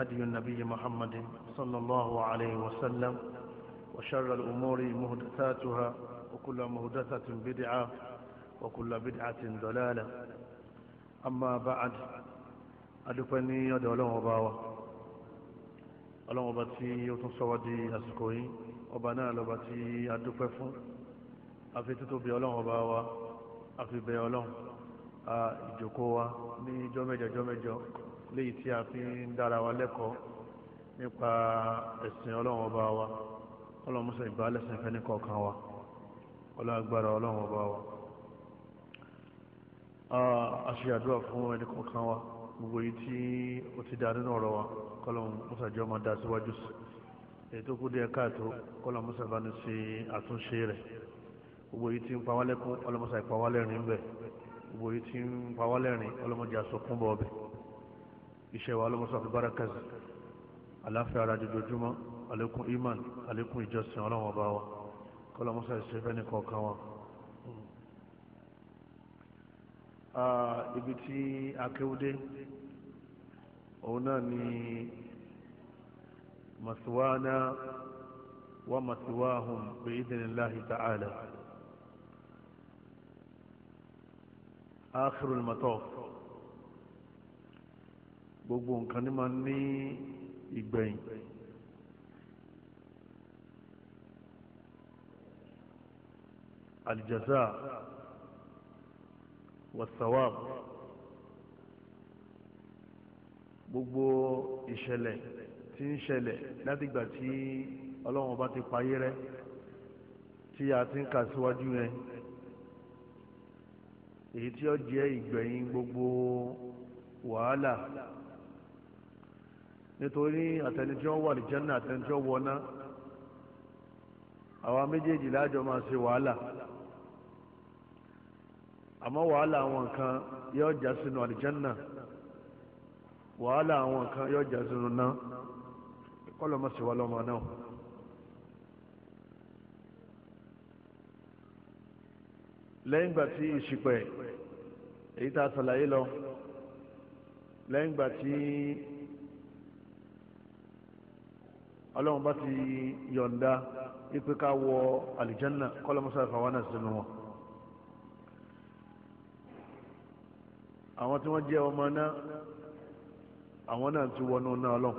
هدي النبي محمد صلى الله عليه وسلم وشر الأمور مهدثاتها وكل مهدثة بدعة وكل بدعة ضلالة أما بعد أدفني يد ولو باوة ọlọ́run ọba tí ó tún sọ wá di àsìkò yìí ọba náà lọ́ba tí a dúpẹ́ fún àfi títóbi ọlọ́run ọba wa àfi bẹ ọlọ́run ìjòkó wa ní jọ́mẹ́jọ jọ́mẹ́jọ léyìí tí a fi ń dára wa lẹ́kọ̀ọ́ nípa ẹ̀sìn ọlọ́run ọba wa ọlọ́run mọ́sá ìgbà lẹ́sìn fẹ́ ní kọ̀ọ̀kan wa ọlọ́run agbára ọlọ́run ọba wa a ṣe àdúrà fún ẹni kọ̀ọ̀kan wa gbogbo yìí tí ó ti dá nínú ọ̀rọ̀ wa kọ́lọ́run mọ́sá jẹ́ ọmọ dá síwájú sí èyí tó kú díẹ̀ káàtó kọ́lọ́run mọ́sá bá ní ṣe àtúnṣe rẹ̀ gbogbo yìí tí ń pawálẹ́kún ọlọ́mọsá iṣẹ́ wa ọlọ́mọsọ́ àfibárakàsì aláfẹ́ ara dojoojúmọ́ àlékún iman àlékún ìjọsìn ọlọ́wọ́n ọba wa kọ́lọ́mọsọ́ ìṣe fẹ́ nìkan kan wa. ibi tí akéwúdé òun náà ni màsíwáná wa màsíwáhùn bí idiniláhi ta'ala. آخر المطاف gbogbo nǹkan ní máa ní ìgbẹ̀yìn. alìjàzá wasawab gbogbo ìṣẹ̀lẹ̀ tí ń ṣẹlẹ̀ látìgbà tí ọlọ́run bá ti payé rẹ́ tí a ti ń kà síwájú yẹn èyí tí ó jẹ́ ìgbẹ̀yìn gbogbo wàhálà nítorí àtẹnijọ́ wà ní jẹ́nà àtẹnijọ́ wọná àwa méjèèjì láàjọ máa ṣe wàhálà àmọ́ wàhálà àwọn nǹkan yóò já sínú àlìjẹ́nà wàhálà àwọn nǹkan yóò já sínú ná kọ́lọ́ mọ̀ sí wa lọ́mọ náà. lẹ́yìn ìgbà tí ìṣìpẹ̀ èyí tá a ṣàlàyé lọ lẹ́yìn ìgbà tí ọlọ́run bá ti yọ̀ǹda ipe ká wọ àlìjánà kọ́lọ́mọ́sá ìfàwọn náà sínú wọn. àwọn tí wọ́n jẹ́ ọmọ náà àwọn náà ti wọnú náà lọ.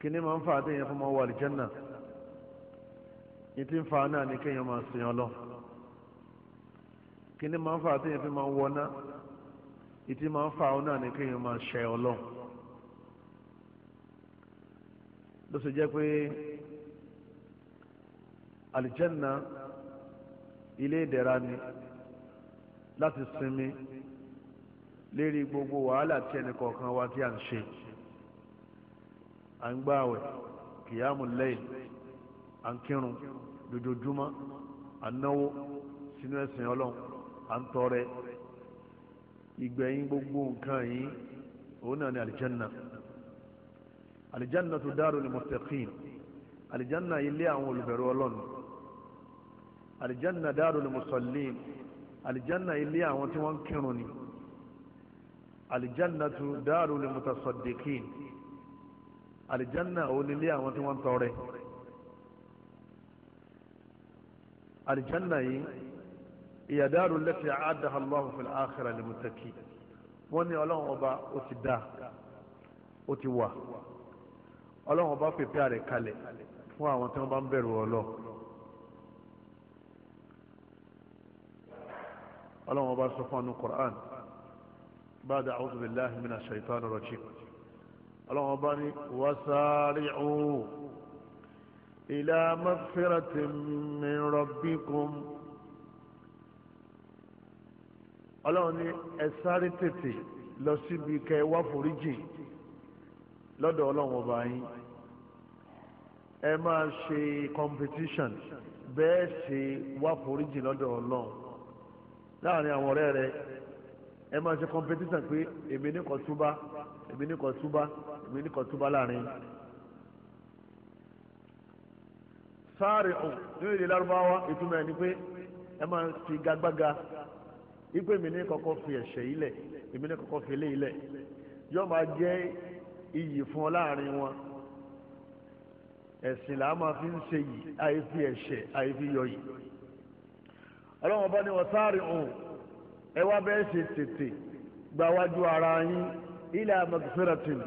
kíní máa ń fa àtẹ̀yìn fún ọmọ wọ àlìjánà ti ń fa náà ní kéèyàn máa sìn ọ lọ. kíní máa ń fa àtẹ̀yìn fún ọmọ wọ náà ìtì máa ń fa ọ náà ní kéèyàn máa ṣẹ ọ lọ́wọ́. ló sì jẹ́ pé àlìjẹ́nà ilé ìdẹ̀ra ni láti sinmi lérí gbogbo wàhálà tí ẹnì kọ̀ọ̀kan wa tí a ń ṣe à ń gbààwẹ̀ kìyàmù lẹ́yìn à ń kírun lójoojúmọ́ à ń náwó sínú ẹ̀sìn ọlọ́run à ń tọrẹ ìgbẹ̀yìn gbogbo nǹkan yìí òun náà ni àlìjẹ́nà alijanna tu darul muttaqin alijanna ilé àwọn olùbẹ̀rù ọlọ́run alijanna darul musallin alijanna ilé àwọn tí wọ́n ń kírun ni alijanna tu darul mutasaddiqin alijanna òun ilé àwọn tí wọ́n ń tọrẹ alijanna yìí ìyá darul lati a'addaha Allahu fil akhirati lil muttaqin wọ́n ní ọlọ́run ọba ti dá ó ti wà ọlọ́run bá pèpè rẹ̀ kalẹ̀ fún àwọn tí wọ́n bá ń bẹ̀rù ọlọ́ ọlọ́run bá sọ fún ọnu Qur'an ba'da a'udhu billahi minash shaitanir rajim ọlọ́run bá ní wasari'u ila magfiratin min rabbikum ọlọ́run ní ẹ sáré tètè lọ síbi kẹ́ wá foríjì lọ́dọ̀ ọlọ́run ọba yín ẹ máa ṣe competition bẹ́ẹ̀ ṣe wá foríjì lọ́dọ̀ ọlọ́run láàrin àwọn ọ̀rẹ́ rẹ ẹ máa ṣe competition pé èmi ní kò túbá èmi ní kò túbá èmi ní kò túbá láàrin. sáàrì ọ̀ nínú ìdílé lárúbáwá ìtumọ̀ ẹ̀ ni pé ẹ máa fi gagbága ipe mi ní kọ́kọ́ fi ẹ̀ṣẹ̀ ilẹ̀ èmi ní kọ́kọ́ fi ilé ilẹ̀ yóò máa jẹ́ iyì fún ọ láàrin wọn ẹ̀sìn làá máa fi ń ṣe yìí àyèfi ẹ̀ṣẹ̀ àyèfi yọ yìí ọlọ́run ọba ni wọ́n sáré òun ẹ wá bẹ́ẹ̀ ṣe tètè gba wájú ara yín ila magfiratin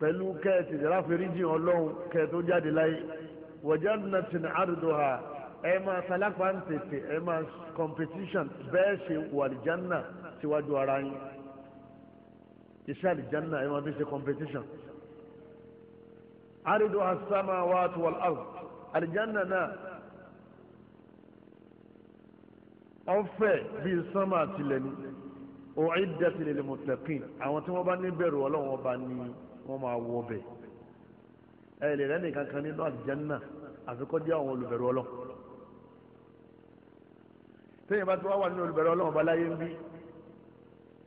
pẹ̀lú kẹ́ẹ̀tì ìdáráfẹ́ríjì ọlọ́run kẹ́ẹ̀tó jáde láyé wa jannatin arduha ẹ máa sálápá ń tètè ẹ máa competition bẹ́ẹ̀ ṣe wàlìjánà síwájú ara yín iṣẹ́ àlìjánà ẹ máa fi ṣe competition aridu asama waatu wal ard alijanna náà ọ̀fẹ́ bíi sánmà àtìlẹ́ni ọ̀ẹ́dẹ́tì lil muttaqin àwọn tí wọ́n bá ní bẹ̀rù ọlọ́run ọba ni wọ́n máa wọ ọbẹ̀ ẹ lè rẹ́ nìkan kan nínú àlìjanna àfikọ́jẹ́ àwọn olùbẹ̀rù ọlọ́run tẹ́yìn bá tó wá wà nínú olùbẹ̀rù ọlọ́run ọba láyé ń bí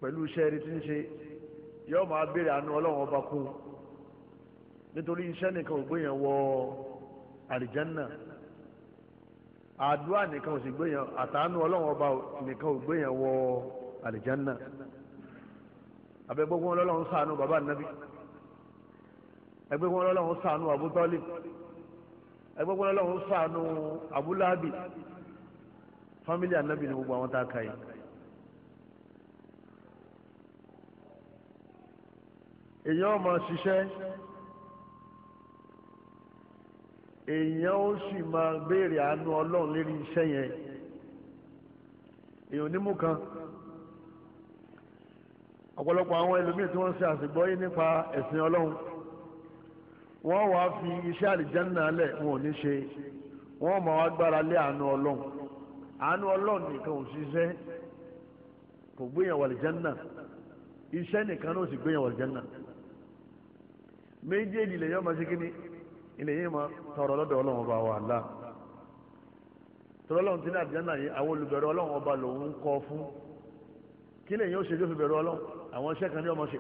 pẹ̀lú iṣẹ́ tí ń ṣe yọ́ọ́ máa béèrè àánú ọlọ́run ọba kún un nítorí iṣẹ́ nìkan ò gbéyàn wọ àlìjánà àdúrà nìkan ò sì gbéyàn àtàánú ọlọ́run ọba nìkan ò gbéyàn wọ àlìjánà àbẹ̀gbọ́gbọ́n ọlọ́run ṣàánú bàbá nàbí ẹgbẹ́gbọ́n ọlọ́run ṣàánú Abu Talib ẹgbẹ́gbọ́n ọlọ́run ṣàánú Abu Lahabi fámílì ànábì ni gbogbo àwọn tá a kà yìí. èèyàn máa ṣiṣẹ́ èèyàn ó sì máa béèrè àánú ọlọ́run lérí iṣẹ́ yẹn èèyàn onímù kan ọ̀pọ̀lọpọ̀ àwọn ẹlòmíì tí wọ́n ń ṣe àṣìgbọ́yé nípa ẹ̀sìn ọlọ́run wọ́n wàá fi iṣẹ́ àlìjẹ́nà lẹ̀ wọn ò ní ṣe wọ́n máa wá gbára lé àánú ọlọ́run àánú ọlọ́run nìkan ò ṣiṣẹ́ kò gbéyàn wà àlìjẹ́nà iṣẹ́ nìkan ló sì gbéyàn wà àlìjẹ́nà méjèèjì lè yọ ọmọ sí kínní ilé yìí máa tọrọ lọ́dọ̀ ọlọ́run ọba wa là tọrọ ọlọ́run ti ní àdìjánà yìí àwọn olùbẹ̀rẹ̀ ọlọ́run ọba lòun ń kọ fún kí lè yín ó ṣe tó fi bẹ̀rẹ̀ ọlọ́run àwọn iṣẹ́ kan ní ọmọ ṣe.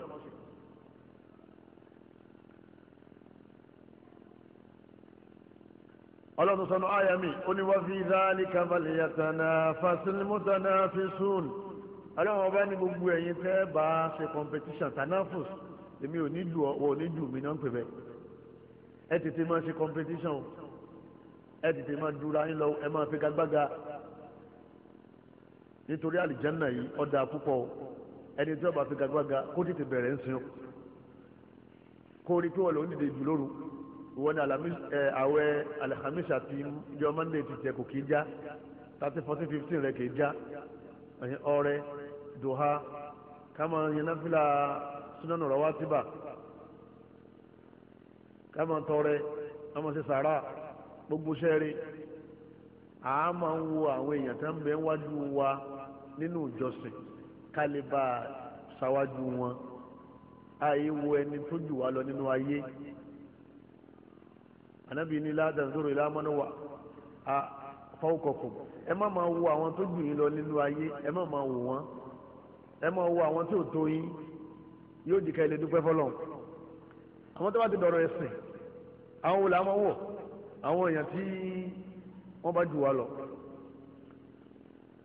ọlọ́run sọnù àyàmì ó ní wọ́n fi dáálí kábàlì yàtànà fásilimútànà fi sùn ọlọ́run ọba ní gbogbo ẹ̀yin tẹ́ bá ṣe competition tanafus èmi ò ní lù mí náà ń pè bẹ́ẹ̀ ẹ tètè máa ṣe competition ẹ tètè máa dúra yín lọ ẹ máa fi gagbága nítorí àlìjánà yìí ọ̀dà púpọ̀ ẹni tí wọ́n bá fi gagbága kó tètè bẹ̀rẹ̀ ń sin kó rí pé wọ́n lòún dìde jù lóru ìwọ ni àwẹ̀ alhamisa ti jọ monday ti kò kì í já thirty fourteen fifteen rẹ kì í já ọrẹ duha kama yẹn náfìlà sunanu rawatiba. Kama máa tọrẹ ká máa ṣe sàrà gbogbo sẹ́ẹ̀rì a máa ń wo àwọn èèyàn tó ń bẹ wájú wa nínú ìjọsìn ká lè bá a ṣáwájú wọn àyè wo ẹni tó jù wá lọ nínú ayé anabi ni ládàzóró ìlàmọ́nà wà á fọ́ọ̀kọ̀kọ̀ ẹ má máa wo àwọn tó jù yín lọ nínú ayé ẹ má máa wò wọ́n ẹ má wo àwọn tí tó yín yóò di ká ilé dúpẹ́ fọlọ́n àwọn tó bá ti dọ̀rọ̀ ẹ̀sìn àwọn olè àmọ́ wọ̀ àwọn èèyàn tí wọ́n bá jù wá lọ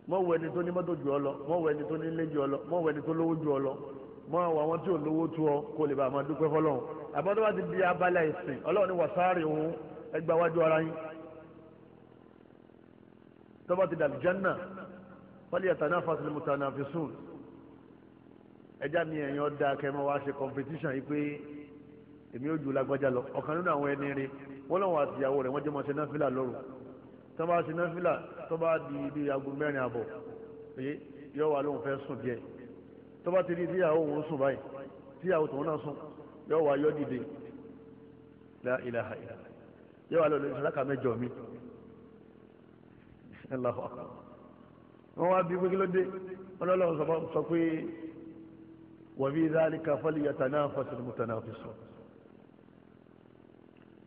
mọ̀ wọ ẹni tó ní mọ́tò jù ọ lọ mọ̀ wọ ẹni tó ní ilé jù ọ lọ mọ̀ wọ ẹni tó lówó jù ọ lọ mọ̀ wọ àwọn tí ò lówó tu ọ kó lè bá a máa dúpẹ́ fọlọ́run àmọ́ tó bá ti di abala ẹ̀sìn ọlọ́run ní wàsáàrì òun ẹgbà wájú ara yín tó bá ti dàbí jánà wálé àtàná fásilẹ̀ mùtànà fi sùn ẹjá mi ẹ̀yàn ọ̀dà kẹmọ́ wá ṣe competition yìí pé èmi ò ju lágbájá lọ ọ̀kan nínú àwọn ẹni rí wọ́n lọ́wọ́ àtìyàwó rẹ̀ wọ́n jẹ́ mọ́ ṣe náfìlà lóru tó bá ṣe náfìlà tó bá di ibi aago mẹ́rin àbọ̀ èyí yọ wà lóun fẹ́ sùn díẹ̀ tó bá ti rí tíyàwó òun sùn báyìí tíyàwó tòun náà sùn yọ wà yọ dìde la ilaha illa yọ wà lọ́lọ́ ìṣẹ́láka mẹ́jọ mi wọ́n wá bí pé kí ló sọ pé wọ́n bí dhalika falyatanafas almutanafisun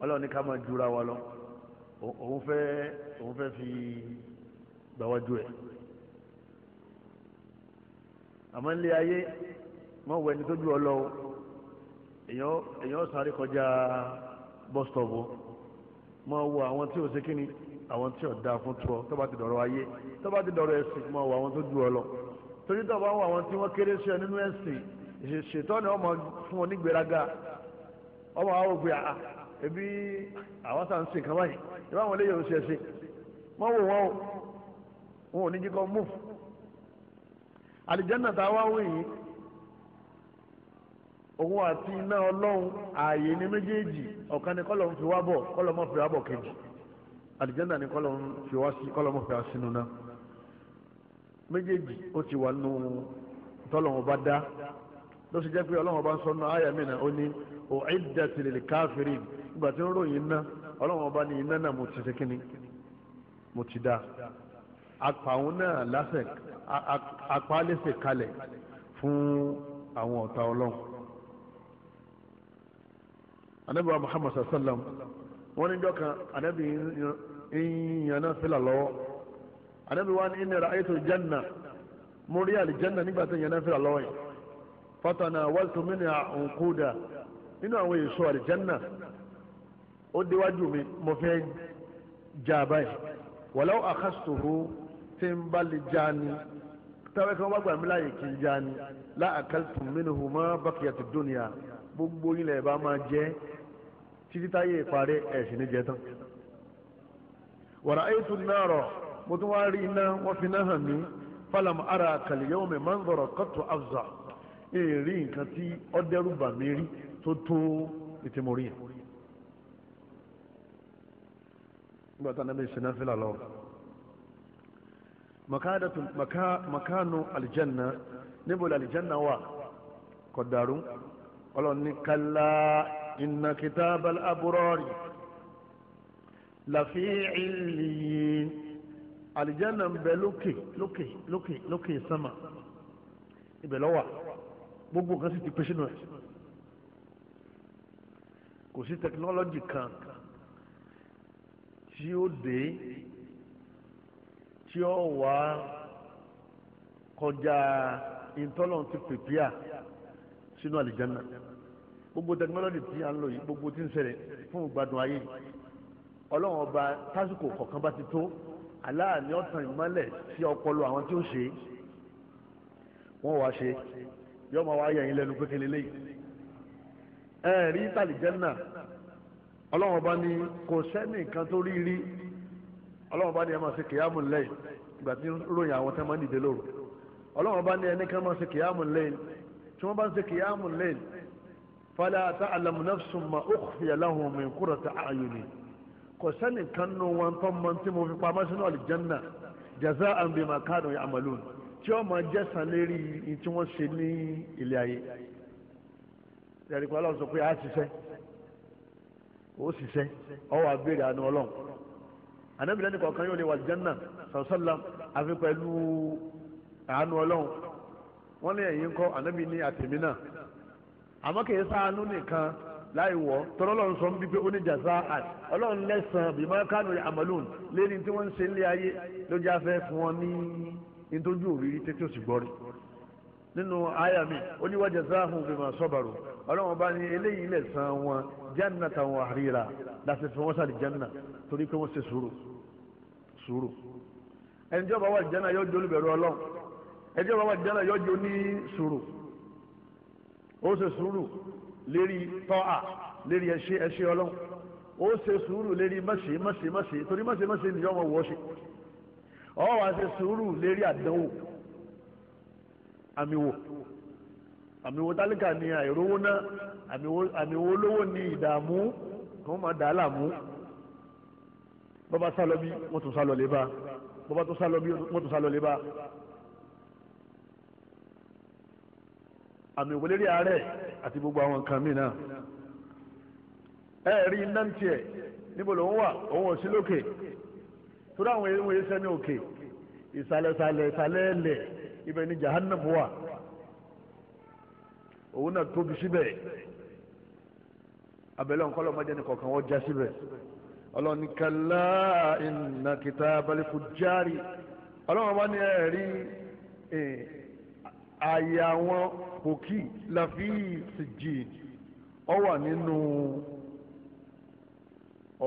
ọlọ́run ní ká máa jura wa lọ òun fẹ́ òun fẹ́ fi gbàwájú ẹ̀ àmọ́ nílé ayé mọ̀ wọ ẹni tó ju ọ lọ o èèyàn èèyàn sáré kọjá bọ́sítọ̀bù mọ̀ wọ àwọn tí ò ṣe kíni àwọn tí ò dáa fún tọ́ tó bá ti dọ̀rọ̀ ayé tó bá ti dọ̀rọ̀ ẹ̀sìn mọ̀ wọ àwọn tó ju torí tó bá wọ àwọn tí wọ́n kéré sí ọ nínú ẹ̀sìn ìṣètọ́ ni wọ́n mọ̀ fún ọ nígbèrágà ọmọ àwọn ògbé àá ebi àwọn sáà ń sin kan báyìí ìbá àwọn eléyìí ò ṣe ṣe wò wọ́n o wọn ò ní jíkọ́ move àlìjẹ́nà tá a wá wí òun àti iná ọlọ́run ààyè ní méjèèjì ọ̀kan ni kọ́lọ̀ ń fi wá bọ̀ kọ́lọ̀ mọ́ fi wá bọ̀ kejì àlìjẹ́nà ni kọ́lọ̀ ń fi wá sí kọ́lọ̀ mọ́ fi wá sínú náà méjèèjì ó ti wà nù tọ́lọ́run bá dá ló sì jẹ́ pé ọlọ́run bá ń sọ nù áyà mìíràn ó ní u'iddat lil kafirin ìgbà tí ń ròyìn iná ọlọ́run ọba ní iná náà mo ti ṣe kínní mo ti dá apá òun náà lásẹ̀ apá lẹ́sẹ̀ kalẹ̀ fún àwọn ọ̀tá ọlọ́run anabi muhammad sallam wọn ní dọ́kan anabi ń yànnà fìlà lọ́wọ́ anabi wa ní inni ra'aytu janna mo rí àlìjánná nígbà tó yànnà fìlà lọ́wọ́ yìí fatana waltu minha unquda nínú àwọn èso àlìjánà ó déwájú mi mo fẹ́ já a báyìí wàláwọ́ àkàsòro tí ń bá lè já ni táwọn kan wá gbà mí láàyè kì í já ni láàkàtún mínú hùmá bákìyàtì dúnìyà gbogbo ilẹ̀ bá máa jẹ́ títí táyé ìparí ẹ̀sìn ní jẹ tán wàrà ayé tún náà mo tún wá rí iná wọ́n fi náà hàn mí falam ara kàlíyàwó mi máa ń zọrọ̀ kọ́tù afza èèrí nǹkan tí ọ́ dẹ́rù bà mí rí tó tó ìtìmórí yẹn nígbà tá a nàbẹ̀ ṣe náfìlà lọ makanu alijanna níbo la alijanna wa kò dàrú ọlọ́ni kálá inna kitabal aburori lafi ìlìyìn alijanna ń bẹ lókè lókè lókè lókè sama ibẹ̀ gbogbo kan sì ti pèsè nù ẹ̀ kò sí tẹkinọ́lọ́jì kan tí ó dé tí ó wà kọjá ìtọ́lọ́n ti pèpìà sínú àlìjánná gbogbo tẹkinọ́lọ́jì tí a ń lò yìí gbogbo tí ń ṣẹlẹ̀ fún ìgbádùn ayé ọlọ́run ọba tásìkò kọ̀ọ̀kan bá ti tó aláàní ọ̀tàn ìmọ́lẹ̀ sí ọpọlọ àwọn tí ó ṣe wọ́n wá ṣe yọ́ọ́ máa wá yẹ̀yìn lẹ́nu pé kí lélẹ́yìn ẹ̀ẹ́rí tàlìjánná ọlọ́run bá ní kò sẹ́ni kan tó rí rí ọlọ́run bá ní ẹ máa ṣe kìyàmù lẹ́yìn ìgbà tí ròyìn àwọn tẹ́ máa ń dìde lóru ọlọ́run bá ní ẹni kan máa ṣe kìyàmù lẹ́yìn tí wọ́n bá ń ṣe kìyàmù lẹ́yìn fala ta'lamu nafsun ma ukhfiya lahum min qurrati a'yunin kò sẹ́ni kan nù wọn tó mọ tí mo fi pamọ́ sínú àlìjánná jaza'an bima kanu ya'malun tí wọ́n máa jẹ́ san tí wọ́n ṣe ní ilé ayé ẹ̀rí pé sọ pé a ṣiṣẹ́ ó ṣiṣẹ́ ọwọ́ abéèrè àánú ọlọ́run ànábì lẹ́nu kọ̀ọ̀kan yóò lè wà jẹ́nà sàlọ́sàlám àfi pẹ̀lú àánú ọlọ́run wọ́n ní ẹ̀yìn kọ́ ànábì ní àtẹ̀mí náà àmọ́ kì í sáánú nìkan láì wọ́ tọ́lọ́ lọ́run sọ ń bí pé ó ní jàzá àt ọlọ́run lẹ́sàn-án bí máa kánú àmàlùn lẹ́ni tí wọ́n ń ṣe ilé ayé ló jẹ́ fún wọn ní ìtọ́jú òrírí tètè òsì gbọ́rí nínú àyà mi ó ní wájà záhùn bí máa sọ́bàrò ọlọ́wọ́n bá ní eléyìí lè san wọn janna táwọn àríra láti fi wọ́n sáré janna torí pé wọ́n ṣe sùúrù sùúrù ẹni tí ó bá wà janna yóò jó olùbẹ̀rù ọlọ́run ẹni tí ó bá wà janna yóò jó ní sùúrù ó ṣe sùúrù lérí tọ́à lérí ẹṣẹ́ ẹṣẹ́ ọlọ́run ó ṣe sùúrù lérí mọ̀ṣẹ́ mọ̀ṣẹ́ mọ̀ṣẹ́ torí mọ̀ṣẹ́ mọ̀ṣẹ́ nìyọ́ wọn wọ́ ṣe wá ṣe sùúrù lérí àdánwò àmì wò àmì wo tálíkà ni àìrówó náà àmì wo lówó ni ìdààmú kò máa dà á làmú bọ́bá sálọ bí wọ́n tún sálọ lé bá bọ́bá tún sálọ bí wọ́n tún sálọ lé bá. àmì ìwòlérí ààrẹ àti gbogbo àwọn nǹkan míì náà ẹ rí iná tiẹ̀ níbo lòun wà òun ò sí lókè torí àwọn èèyàn sẹ́ni òkè ìsàlẹ̀sàlẹ̀ ìsàlẹ̀ ẹ̀lẹ̀ ibẹ̀ ni jahannam wà òun náà tóbi síbẹ̀ abẹ́lẹ́ ọ̀nkọ́lọ́ ọmọdé ni kọ̀ọ̀kan wọ́n já síbẹ̀ ọlọ́ni kàlá ìnà kìtà balẹ̀kù járì ọlọ́run bá ní ẹ̀rí àyà àwọn pòkì láfi ìsìjì ọ wà nínú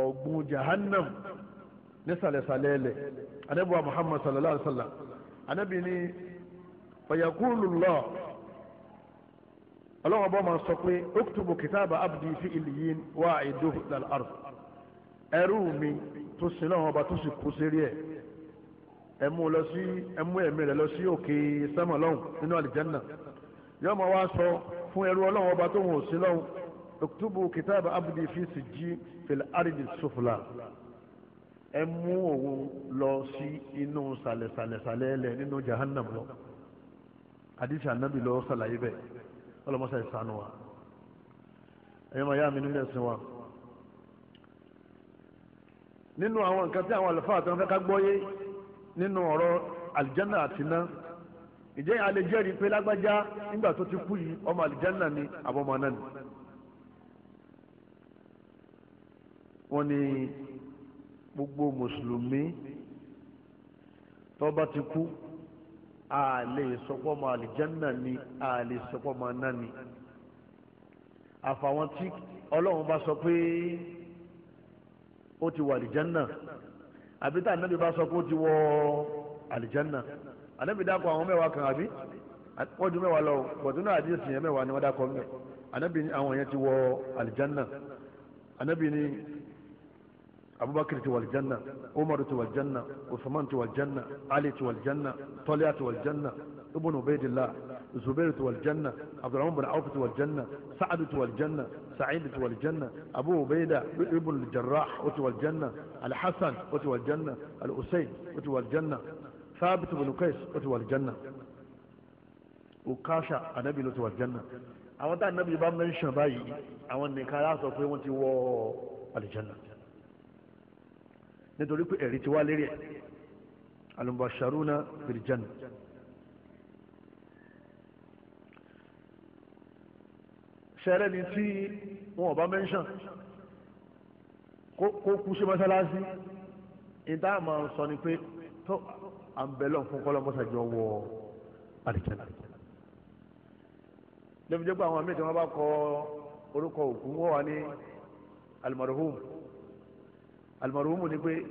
ọ̀gbun jahannam nísàlẹ̀sàlẹ̀ ẹlẹ̀ anábìwá muhammad sallallahu alayhi wa sallam anábì fayakulu lọ́ọ̀ ọlọ́wọ́n bọ́ máa sọ pé uktubu kìtàbà abdi fi ìlìyìn wá ìdó dal ard ẹrú mi tó sin náà ọba tó sì kú sérí ẹ ẹ mú lọ sí ẹ mú ẹ̀mí rẹ̀ lọ sí òkè sámà lọ́hùn nínú àlìjánà yóò máa wá sọ fún ẹrú ọlọ́wọ́n ọba tó wọn sí lọ́hùn uktubu kìtàbà abdi fi sijji fil ardi sufla ẹ mú òun lọ sí inú sàlẹ̀sàlẹ̀sàlẹ̀ ẹlẹ̀ nínú jahannam lọ àdìsí ànábì lọ sàlàyé bẹ́ẹ̀ ọlọmọsẹ ìsànù wa ẹyọ màá yá mi nílẹ̀ sí wa nínú àwọn nǹkan tí àwọn àlùfáà tó ń fẹ́ ká gbọ́yé nínú ọ̀rọ̀ àlìjánà àti iná ìjẹ́ alẹ́ jẹ́rìí pé lágbájá nígbà tó ti kú yìí ọmọ àlìjánà ni àbọ̀mọ náà ni. wọ́n ní gbogbo mùsùlùmí tó bá ti kú a lè sọpọ́ mọ́ àlìjánná ni a lè sọpọ́ mọ́ aná ni àfàwọn tí ọlọ́run bá sọ pé ó ti wọ àlìjánná àbí tá ànábì bá sọ pé ó ti wọ àlìjánná ànábì dákọ̀ àwọn mẹ́wàá kan àbí wọ́n ju mẹ́wàá lọ bọ̀dún náà àdéhùn yẹn mẹ́wàá ni wọ́n dákọ̀ mẹ́ ànábì àwọn yẹn ti wọ àlìjánná ànábì ni. abubakar ti wal janna umar ti wal janna usman ti wal janna ali ti wal janna talha ti wal janna ibn ubaydillah zubair ti wal janna abdurrahman bin auf ti wal janna sa'ad ti wal janna sa'id ti wal janna abu ubayda ibn al-jarrah ti wal janna al-hasan ti wal janna al-usayd ti wal janna ثابت بن قيس ti wal janna ukasha anabi ti wal janna àwọn tá anabi bá mention báyìí àwọn nìkan á sọ pé wọ́n ti wọ aljanna nítorí pé ẹ̀rí ti wá lérí ẹ̀ alùbọ̀ṣàrúnà bìrìjánù. sẹ́rẹ́ ni tí wọn ò bá mẹ́ńsàn kó kú sí mọ́sálásí ìta máa sọ ni pé tó àǹbẹ̀lọ̀ fún kọ́lọ́mọ́sàjọ wọ àdìjẹ́nà. lẹ́mìjẹ́ pé àwọn àmì tí wọ́n bá kọ orúkọ òkú wọ́n wà ní alimaruhum almarumu ni pé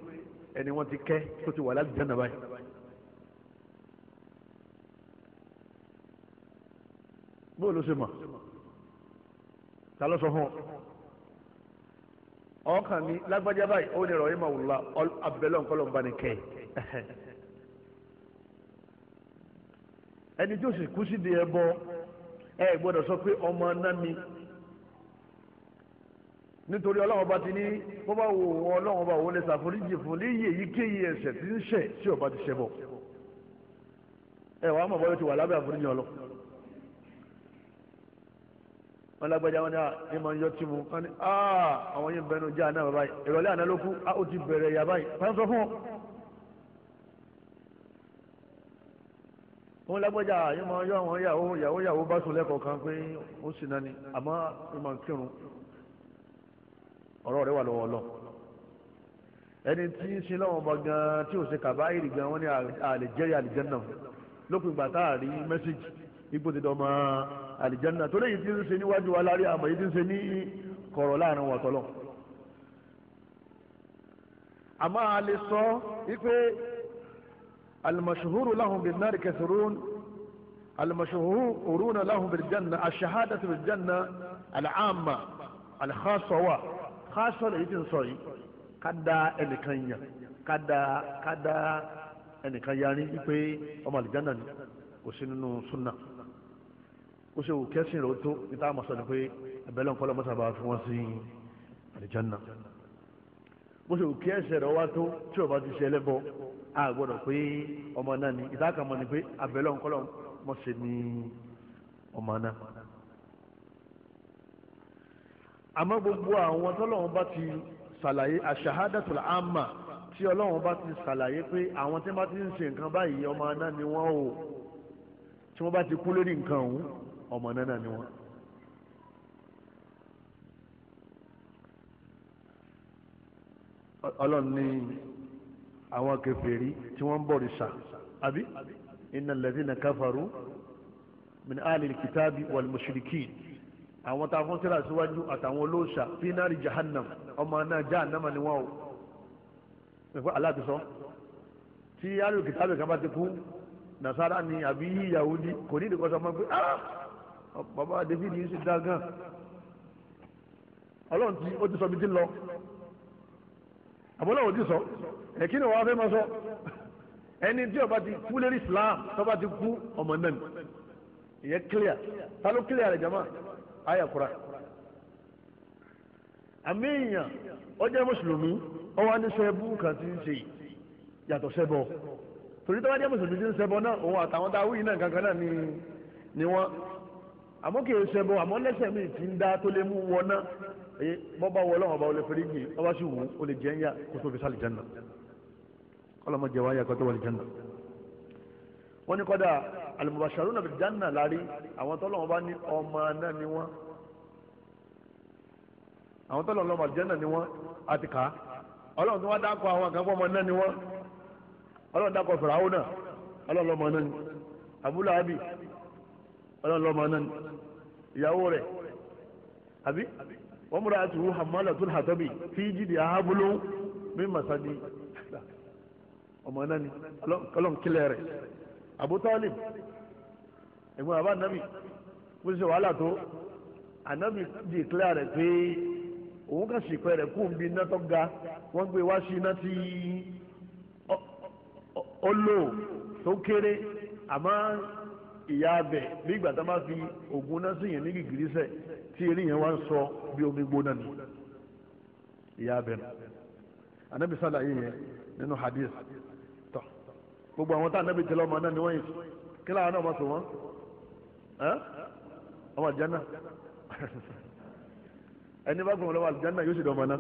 ẹni wọ́n ti kẹ́ tó ti wà láti jẹ́nà báyìí. bóòlù ṣe mọ̀ ta ló sọ fún ọ ọkàn mi lágbájá báyìí ó ní ìrọ̀lẹ́ màwùlá abẹ́lẹ́ ọ̀kọ́lọ́ ń bá ní kẹ́ ẹ̀ ẹni tí sì kú sídìí ẹ bọ ẹ gbọ́dọ̀ sọ pé ọmọ náà mi nítorí ọlọ́run bá ti ní bó bá wò wọ́n ọlọ́run bá wò lè ṣàforíjì fún níyì èyíkéyìí ẹ̀ṣẹ̀ tí ń ṣẹ̀ tí ọba ti ṣẹ̀ bọ̀ ẹ wàá mọ̀ bọ́yọ̀ ti wà lábẹ́ àforíjì ọlọ́ wọn lágbájá wọn ní à ní ma ń yọ tí mu wọn ní à ah, àwọn yìí ń bẹnu já náà bàbá yìí ìrọ̀lẹ́ àná ló kú à ah, ó ti bẹ̀rẹ̀ ìyá báyìí fáwọn sọ fún wọn. wọn lágbájá yìí ah, máa yọ àwọn yàwó yàwó yàwó bá sùn lẹ́kọ̀ọ́ kan pé ó sì náà àmọ́ ìmọ̀ kírun ọ̀rọ̀ rẹ̀ wà lọ́wọ́ lọ ẹni tí ń sin lọ́wọ́ ọba gan tí ò ṣe kàbáyìrì gan wọ́n ní àlìjẹ́rì àlìjẹ́nà lópin ìgbà tá a rí mẹ́síjì ipò ti dọ̀ mọ́ àlìjẹ́nà torí èyí tí ń ṣe níwájú wa lárí àmọ́ èyí tí ń ṣe ní kọ̀rọ̀ láàrin wa tọ́lọ̀ àmọ́ a lè sọ wípé alimashahuru lahun bin nari kẹsìrún alimashahuru lahun bin janna ashahadatu bin janna al'amma alkhasọwa kásọ̀rọ̀ èyí tí ń sọ yìí ká da ẹnìkan yàn ká da ká da ẹnìkan yarí wípé ọmọ àlìjáná ni kò sí nínú súnà ó ṣe wò kẹ́sìn rẹ̀ ó tó níta àmọ́ sọ ni pé ẹ̀bẹ̀lẹ̀ ńkọ́lọ́ mọ́sàbá fi wọ́n sí àlìjáná bó ṣe wò kẹ́sìn rẹ̀ wá tó tí ò bá ti ṣe ẹlẹ́bọ a gbọ́dọ̀ pé ọmọ náà ni ìdáàkàmọ́ ni pé ẹ̀bẹ̀lẹ̀ ńkọ́lọ́ mọ́sẹ̀ ni ọmọ náà àmọ́ gbogbo àwọn tọ́lọ́wọ́n bá ti ṣàlàyé àṣàhádàtul àmà tí ọlọ́wọ́n bá ti ṣàlàyé pé àwọn tí wọ́n bá ti ń ṣe nǹkan báyìí ọmọ náà ni wọ́n o tí wọ́n bá ti kú lórí nǹkan ọ̀hún ọmọ náà ni wọ́n. ọlọ́run ní àwọn kèfèrí tí wọ́n ń bọ̀ rìṣà àbí innal ladhina kafaru min alil kitabi wal àwọn tá a fún síra síwájú àtàwọn olóòṣà fínárì jahannam ọmọ náà jahannama ni wọn o nípa aláàtúsọ tí alùkìtàbí kan bá ti kú nasara ni àbí yahudi kò ní ìdíkọ́sọ ọmọ pé ah bàbá david yìí sì dá gan ọlọ́run tí ó ti sọ bí ti lọ àbọ̀lọ́wọ́ ti sọ ẹ̀kí ni wàá fẹ́ máa sọ ẹni tí ó ti kú lérí islam tó bá ti kú ọmọ náà ìyẹn clear ta clear rẹ̀ jama. àyà kura àmì èèyàn ọjọ́ mùsùlùmí wá ní sẹ́bù kan ti ń ṣe yàtọ̀ sẹ́bọ̀ torí tó bá jẹ́ mùsùlùmí ti ń sẹ́bọ̀ náà òun àtàwọn tá a wí náà kankan náà ni ni wọ́n àmọ́ kì í sẹ́bọ̀ àmọ́ lẹ́sẹ̀ mi ti ń dá tó lé mú wọn náà èyí bọ́ bá wọ fẹ́rẹ́ ọba sì wù ó lè jẹ́ ń yá kó sálì jẹ́ náà kọ́lọ́mọ jẹ́ wáyà kó tó náà wọ́n ní kọ́dà al-mubashshiruna bil-janna lárí àwọn tọ́lọ̀ wọn bá ní ọmọ náà ni wọ́n àwọn tọ́lọ̀ lọ́mọ àlùjánnà ni wọ́n àti ká ọlọ́run tí wọ́n dákọ̀ àwọn kan fọ́mọ náà ni wọ́n ọlọ́run dákọ̀ fìràwọ́ náà ọlọ́run lọ́mọ náà ni Abu Lahabi ọlọ́run lọ́mọ náà ni ìyàwó rẹ̀ àbí wọ́n múra àti wù hammalatul hatabi fi jidiha hablun min masadi ọmọ náà ni ọlọ́run kílẹ̀ rẹ̀. Abu Talib ẹ̀gbọ́n bàbá anabi bó ṣe wàhálà tó anabi declare rẹ̀ pé òun kà sì pẹ́ rẹ̀ kó ń bi iná tó ga wọ́n gbé wá sí iná tí ó lò tó kéré àmọ́ ìyá abẹ bí ìgbà tá a bá fi ògùn náà sí yẹn ní gìgírísẹ̀ tí eré yẹn wá ń sọ bí omi gbóná ni ìyá abẹ nù anabi sálàyé yẹn nínú hadith gbogbo àwọn tá a nẹ́bi tẹ́lẹ̀ ọmọ náà ni wọ́n yìí kí láwọn náà máa sọ wọ́n ọmọ àlùjáná ẹni bá gbọmọ lọ́wọ́ àlùjáná yóò sì dọ̀ ọmọ náà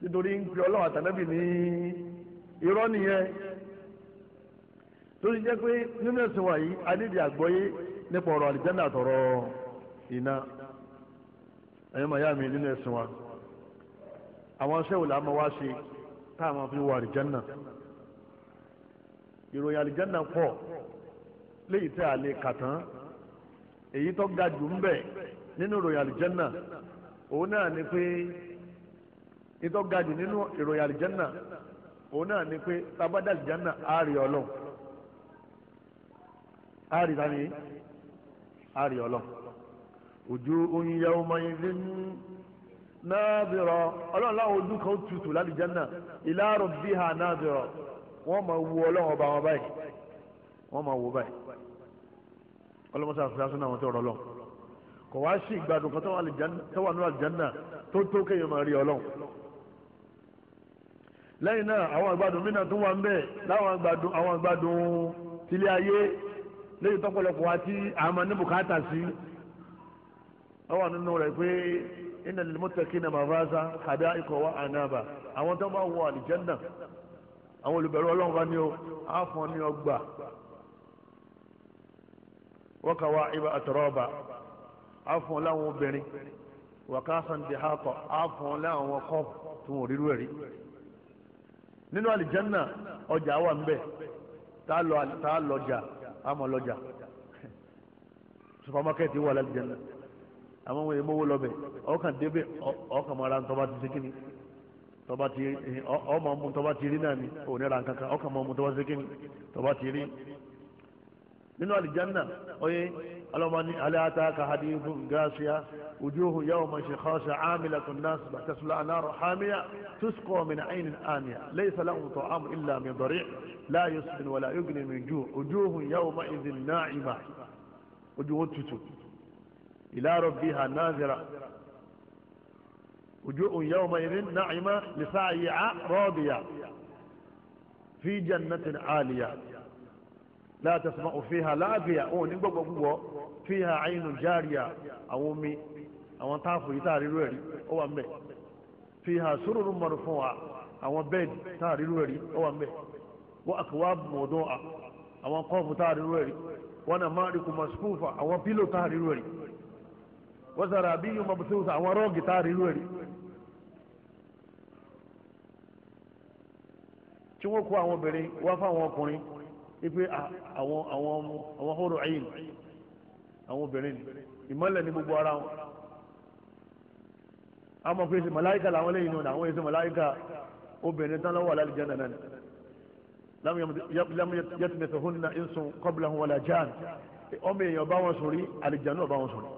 nítorí ń pe ọlọ́wọ́ àtànẹ́bì ní irọ́ nìyẹn tó ti jẹ́ pé nínú ẹ̀sìn wa yìí adídì àgbọ́yé nípa ọ̀rọ̀ àlùjáná àtọ̀rọ̀ iná ẹ̀yọ́ màyá mi nínú ẹ̀sìn wa àwọn aṣẹ́wò máa wá ṣe táà fi wọ àlùjáná. ìròyìn àlìjánà pọ̀ léyìí tẹ́ a lè èyí tó ga jù ń nínú ìròyìn àlìjánà òun náà ni pé èyí tó ga jù nínú ìròyìn òun náà ni pé tabadà àlìjánà á rí ọlọ́run á rí tani ojú oyin náà wọ́n máa wu ọlọ́run ọba wọn báyìí wọ́n máa wò báyìí ọlọ́mọṣẹ́ àfúrásùn náà wọ́n ti rọ̀ lọ kò wá sí ìgbádùn kan tó wà nínú àlìjánná tó tó kéèyàn máa rí ọlọ́run lẹ́yìn náà àwọn ìgbádùn mí náà tún wà ń bẹ̀ láwọn ìgbádùn àwọn ìgbádùn tilé ayé lẹ́yìn tọ́pọ̀lọpọ̀ àti àmọ́ ní bùkátà sí ọwọ́ nínú rẹ̀ pé innal muttaqina mafaza hada'iqa wa anaba àwọn tó máa wọ àlìjánná àwọn olùbẹ̀rù ọlọ́run bá ní o gbaa fún ọ ní ọgbà wọ́kà wá ibà àtọ̀rọ̀ọ̀bà á láwọn obìnrin wàká sàǹdì hákọ̀ á fún láwọn kọ́ọ̀pù tó wọ́n rírú ẹ̀rí nínú àlìjánná ọjà wà ń bẹ̀ tá a lọ́jà á lọ́jà supamakẹ́ẹ̀tì wà lọ́bẹ̀ ọkàn débẹ̀ ọkàn mọ́ra ń tọba ti ọmọ eh, mu tọba ti rí náà ni òníra kankan ọkàn mọ mu tọba ti kíni tọba ti rí nínú alìjánná oye alamani aláta ka hadithu gaasiya wujuhu yawma shikhasa amilatun nas tasla anaro hamiya tusqa min aynin aniya laysa lahum ta'am illa min dari' la yusmin wala yughni min ju' wujuhu yawma idhin na'ima wujuhu tutu ila rabbiha nazira وجوء يومئذ نعمة لسعيها راضية في جنة عالية لا تسمع فيها لاغية أو نبغى فيها عين جارية أو مي أو تعفو يتاري الوري أو أمي فيها سرر مرفوعة أو بيد تاري الوري أو أمي وأكواب موضوعة أو قوف تاري الوري ونمارك مسكوفة أو بلو تاري الوري وزرابي مبثوثة أو روغ تاري الوري tí wọ́n kó àwọn obìnrin wá fáwọn ọkùnrin wípé àwọn àwọn àwọn hóró ẹ̀yìn àwọn obìnrin ìmọ́lẹ̀ ní gbogbo ara wọn a mọ̀ pé ṣe màláìka làwọn lẹ́yìn náà àwọn èsì màláìka obìnrin tán lọ́wọ́ aláàlú jẹ́ nàná ni lámú yẹtùmẹ̀tẹ̀ hónú náà ń sun kọ́bùlà wọlé àjáàn ọmọ èèyàn bá wọn sòrí àlìjánu ọba wọn sòrí.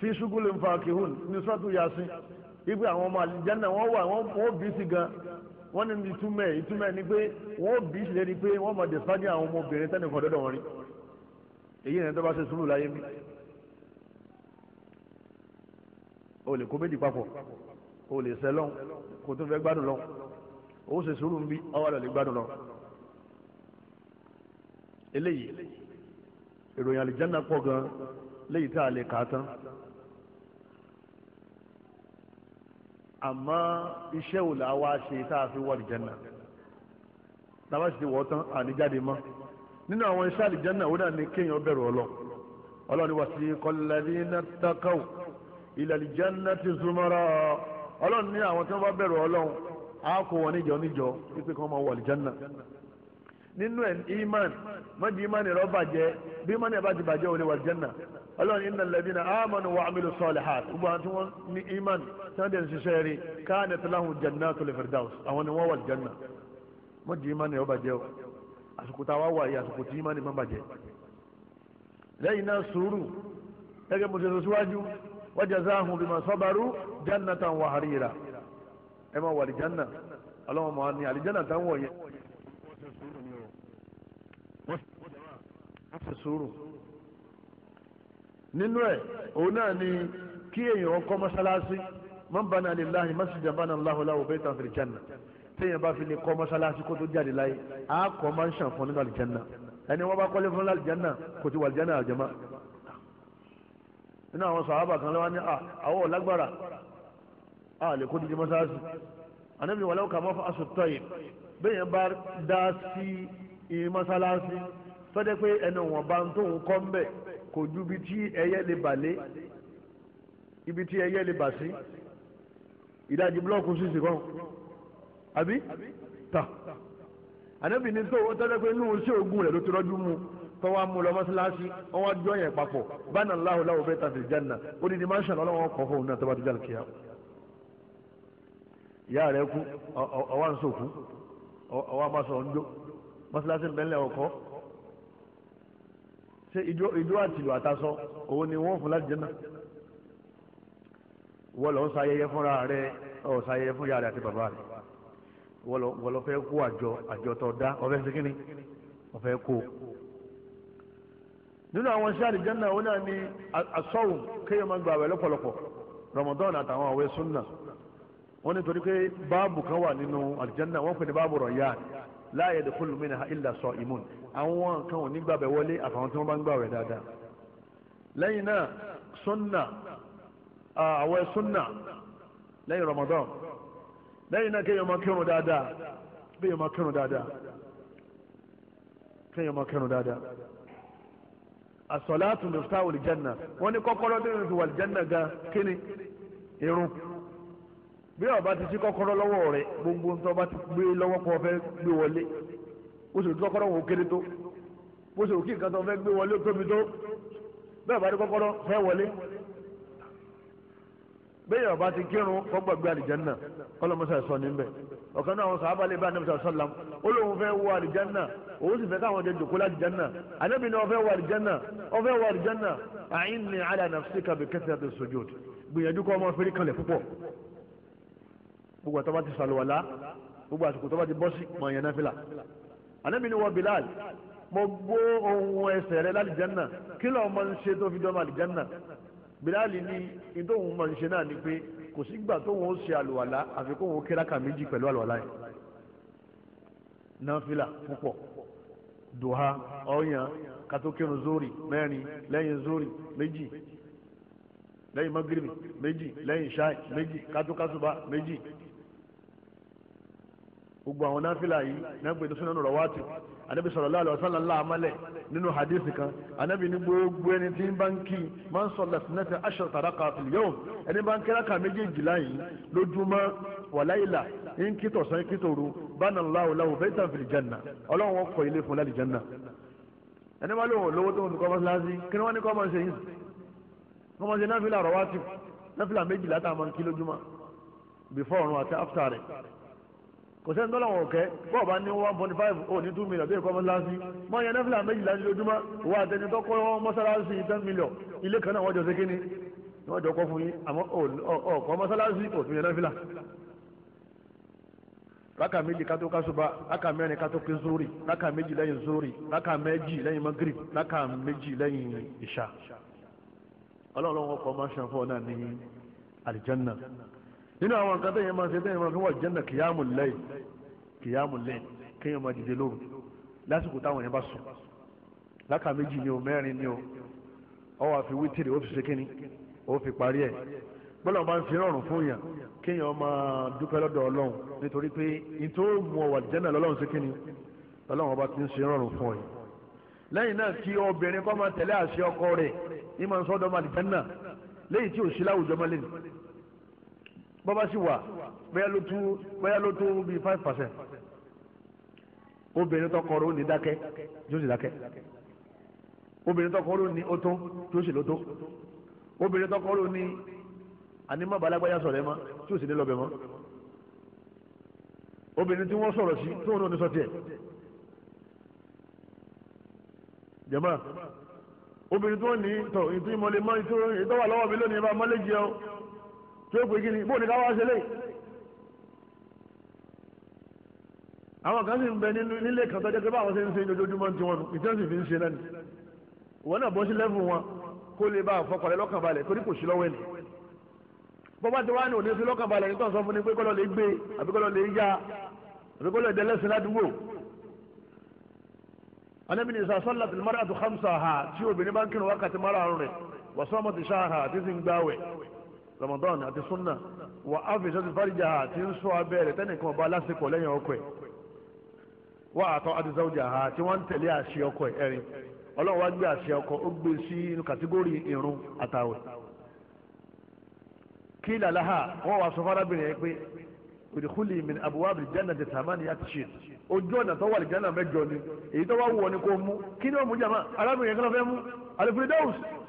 fi ṣúgúlẹ̀ ń fa kìhún ní sọ́tù yasin ibi àwọn ọmọ àlìjánà wọ́n wà wọ́n bí sí gan wọ́n ní ìtumẹ̀ ìtumẹ̀ ni pé wọ́n bí sí lẹ́ni pé wọ́n mọ̀ dẹ̀sájà àwọn ọmọbìnrin tẹ́lẹ̀ kan dọ́dọ̀ wọn rí èyí ni tó bá ṣe sùúrù láyé mi o lè kó méjì papọ̀ o lè sẹ́ lọ́n kó tó fẹ́ gbádùn lọ́n o ṣe sùúrù ń bí ọwọ́ rẹ̀ lè gbádùn lọ́n eléyìí ìròyìn àlìjánà pọ̀ gan léyìí tá a lè kà á tán àmọ́ iṣẹ́ ò là wá ṣe tá a fi wọ àlìjánà làwọn sì ti wọ̀ ọ́ tán àníjáde mọ́ nínú àwọn iṣẹ́ àlìjánà ó dà ní kéèyàn bẹ̀rù ọlọ́ ọlọ́ni wà sí kọ́lẹ́lí nàtàkàw ilẹ̀ àlìjánà ti súnmọ́rọ́ ọlọ́run ní àwọn tí wọ́n bá bẹ̀rù ọlọ́run á kó wọn níjọ níjọ wípé kí wọ́n máa wọ àlìjánà nínú ẹ̀ iman mọ́jì iman rẹ̀ ọ bàjẹ́ bí iman rẹ̀ bá ti bàjẹ́ òun lè wọ ọlọ́run iná lẹ́bínà ámọ́nù wa amílù sọ́ọ̀lẹ̀ ha gbogbo àwọn tí wọ́n ní iman tí wọ́n dẹ̀ ń ṣiṣẹ́ rí káàní tìláhùn jẹ̀nà tó lè fẹ̀rẹ̀ dáwọ̀ àwọn ni wọ́n wà jẹ̀nà wọ́n di iman yóò bàjẹ́ o àsìkò tá a wá wà yìí àsìkò tí iman máa bàjẹ́. lẹ́yìn náà sùúrù gẹ́gẹ́ bó ṣe sọ síwájú wọ́n jẹ́ sáhùn bímọ sọ́barú jẹ́nà tán wà hàríra ẹ máa wà sùúrù nínú ẹ̀ òun náà ni kí èèyàn kọ́ mọ́sálásí man bana lillahi masjidan bana Allahu lahu baytan fil janna téèyàn bá fi lè kọ́ mọ́sálásí kó tó jáde láyé á kọ́ máa ń ṣàn fún nínú àlìjánná ẹni wọ́n bá kọ́lé fún àlìjánná kò ti wà àlìjánná àjọmọ́ nínú àwọn sàhábà kan lọ́wọ́ ní àwọ̀ ọ̀lágbára a lè kó dídí mọ́sálásí anábì wà pé ẹni wọn bá ń tóun kọ́ ń bẹ́ẹ̀ kò ju ibi tí ẹyẹ lè bà lé ibi tí ẹyẹ lè bà sí ìdajì búlọ́ọ̀kù sísì kan àbí tà ànábì ní tó wọ́n tẹ́lẹ̀ pé inú sí ogun rẹ̀ ló ti rọ́jú mu tó wá mú lọ mọ́sálásí wọ́n wá jọ yẹn papọ̀ bánà ńlá òun láwùjọ tàbí jẹ́nà ó ní ní máa ń ṣàn ọlọ́wọ́n kọ̀ fún òun náà tó bá ti jáde kíá ìyá rẹ̀ kú ọwọ́ à ń sòkú ọwọ́ à máa sọ̀ ń jó mọ́sálásí ń bẹ́ńlẹ̀ ọkọ̀ ṣe ìjó ìjó àtìlù àtasọ òun ni wọ́n fún láti jẹ́ náà wọ́n lọ ń sayẹyẹ fúnra rẹ ọ̀ sayẹyẹ fún yàrá àti bàbá rẹ wọ́n lọ fẹ́ kó àjọ àjọ tó dá ọ̀fẹ́ sí kínní ọ̀fẹ́ kó nínú àwọn iṣẹ́ àlìjẹ́nà ó náà ní asọ́wùn kéèyàn máa gba àwẹ̀ lọ́pọ̀lọpọ̀ Ramadan àtàwọn àwẹ̀ súnà wọ́n ní pé báàbù kan wà nínú àlìjẹ́nà wọ́n pè ní báàbù rọ̀yà la yadkhulu minha illa sa'imun àwọn nǹkan ò ní gbàbẹ̀ wọlé àfàwọn tí wọ́n bá ń gbàwẹ̀ dáadáa lẹ́yìn náà sunna àwẹ̀ sunna lẹ́yìn Ramadan lẹ́yìn náà kéèyàn máa kírun dáadáa kéèyàn máa kírun dáadáa kéèyàn máa kírun dáadáa asọ̀láàtù mẹ́fà wàlìjánà wọ́n ní kọ́kọ́rọ́ tó yẹn fi wàlìjánà ga kíni irun bí ọba ti sí kọ́kọ́rọ́ lọ́wọ́ rẹ̀ gbogbo ń tọ́ bá ti gbé lọ́wọ́ kọ́ fẹ́ gbé wọlé bó ṣe tó kọ́kọ́rọ́ wọn ò kéré tó bó ṣe òkè nǹkan tó fẹ́ gbé wọlé tóbi tó bẹ́ẹ̀ bá dé kọ́kọ́rọ́ fẹ́ wọlé bẹ́ẹ̀ ọba ti kírun kọ́gbàgbé àlìjánná ọlọ́mọṣà sọ níbẹ̀ ọ̀kan náà àwọn sàábà lè bá anamísà sọ́lá ó lóun fẹ́ wọ àlìjánná òun sì fẹ́ káwọn jẹ jòkó láàlìjánná ànábì náà ọfẹ́ wọ àlìjánná ọfẹ́ wọ àlìjánná a'inni ala nafsika bi kathrati sujud gbìyànjú kọ́ ọmọ fẹ́rí kanlẹ̀ púpọ̀ gbogbo àtọ́ba ti sàlùwàlá gbogbo àsìkò tọ́ba ti bọ́ sí mọ̀ anabi ni wọ bilal mo gbọ́ ohun ẹsẹ̀ rẹ lálìjánná kí ló máa ń ṣe tó fi dọ́mọ àlìjánná bilal ni ìdóhùn máa ń ṣe náà ni pé kò sígbà tóun ó ṣe àlùwàlá àfikún òun kíráka méjì pẹ̀lú àlùwàlá yẹn náfìlà púpọ̀ duha ọ̀yàn katókèrún zori mẹ́rin lẹ́yìn zori méjì lẹ́yìn magiribi méjì lẹ́yìn ṣáì méjì kátókásùbà méjì gbogbo àwọn náfìlà yìí nàgbé tó súnánù rọwátì anabi sallallahu alaihi wasallam ńlá amálẹ nínú hadith kan anabi ní gbogbo ẹni tí ń bá ń kí máa ń sọ lẹsìnẹsì aṣọ tàràkà fil yawm ẹni bá ń kẹràkà méjèèjìlá yìí lójúmọ́ wàláyìlà ń kí tọ̀sán kí tòru bánà Allahu lahu baytan fil janna Ọlọ́run wọn kọ ilé fún láti janna ẹni wàá lóhùn lówó tó ń fi kọ́ mọ́sálásí kí before ọ̀run after kò sẹ́ni tó lọ́wọ́ ọ̀kẹ́ bọ́ọ̀ bá ní one point five ó ní two million tó yẹ kọ́ mọ́sálásí mọ́ yẹn nẹ́fìlà méjìlá ní ojúmọ́ wà á tẹni tó kọ́ mọ́sálásí ten million ilé kan náà wọ́n jọ ṣe kí ni wọ́n jọ kọ́ fún yín àmọ́ ọ̀kọ́ mọ́sálásí kò tún yẹn nẹ́fìlà. rákà méjì kátó kásùbà rákà mẹ́rin kátó kí zórì rákà méjì lẹ́yìn zórì rákà méjì lẹ́yìn magrib rákà méjì lẹ́yìn ìṣà ọlọ́run ọkọ̀ máa ṣàfọ́ náà ní àlìjánná nínú àwọn nǹkan tẹ́yìn máa ṣe tẹ́yìn máa fi wà jẹ́nà kìyàmù lẹ́yìn kìyàmù lẹ́yìn kéèyàn máa dìde lóru lásìkò táwọn yẹn bá sùn láka méjì ni o mẹ́rin ni o ọ wà fi wítìrì ó fi ṣe kíni ó fi parí ẹ̀ gbọ́dọ̀ bá ń fi rọrùn fún yàn kéèyàn máa dúpẹ́ lọ́dọ̀ ọlọ́run nítorí pé nítorí mu ọ̀wà jẹ́nà lọ́lọ́run ṣe kíni lọ́lọ́run ọba ti ń ṣe rọrùn fún ọ lẹ́yìn náà kí obìnrin kọ́ máa tẹ̀lé àṣẹ ọkọ rẹ̀ ní máa ń sọ́dọ̀ máa dìbẹ́ náà léyìí tí ò sí láwùjọ máa lé bọ́bá sì wà bóyá ló tún bóyá ló tún bíi five percent obìnrin tọkọrọ ní dákẹ́ yóò sì dákẹ́ obìnrin tọkọrọ ní ó tó yóò sì ló tó obìnrin tọkọrọ ní ànímọ́ balagbaya sọ̀rọ̀ ẹ̀ mọ́ tí ò sì ní lọ́bẹ̀ mọ́ obìnrin tí wọ́n sọ̀rọ̀ sí tí wọ́n náà ní sọ tiẹ̀ jẹ̀mọ́ obìnrin tí wọ́n ní tọ̀ ìtú ìtọ́wà lọ́wọ́ mi lónìí bá mọ́lẹ́jì ọ́ tí ó pè kí ni bó ní ká wá ṣe lé àwọn kan sì ń bẹ nínú nílé kan tọ́jọ́ pé báwọn ṣe ń ṣe ojoojúmọ́ ti wọn ìtẹ́wọ́n sì fi ń ṣe ni ìwọ náà bọ́ sí lẹ́fù wọn kó lè bá àfọkànlẹ̀ lọ́kàn balẹ̀ torí kò sí lọ́wọ́ ẹni bọ́bá ti wá ní òní sí lọ́kàn nítorí sọ fún ni pé kọ́lọ́ lè gbé àbí kọ́lọ́ lè yá àbí kọ́lọ́ ìdẹ́lẹ́sìn ládùúgbò anabini isa sọlá tìlmárà tó hamsa ha tí obìnrin bá ń kírun wákàtí márùn-ún rẹ̀ wàsọ́mọ́ ti Ramadan àti sunna wà áfíìsì ọtí fàríjà àti ń sọ abẹ́rẹ́ tẹ́nìkan ọba lásìkò lẹ́yìn ọkọ ẹ̀ wà àtọ́ àti zawjà àti wọ́n ń tẹ̀lé àṣẹ ọkọ ẹ̀ ẹ̀rin ọlọ́run wá gbé àṣẹ ọkọ ó gbé sí inú kàtígórì irun àtàwẹ̀ kí làlàhà wọ́n wá sọ fárábìnrin yẹn pé òdìkúlì mi àbúwá bìí jẹ́nà ti tàmánì àti ṣe ojú ọ̀nà tó wà lè jẹ́nà mẹ́jọ ni èyí tó wá wù ọ ni kò mú kí ni ó mú jàmá arábìnrin yẹn kí fẹ́ mú àlùfíì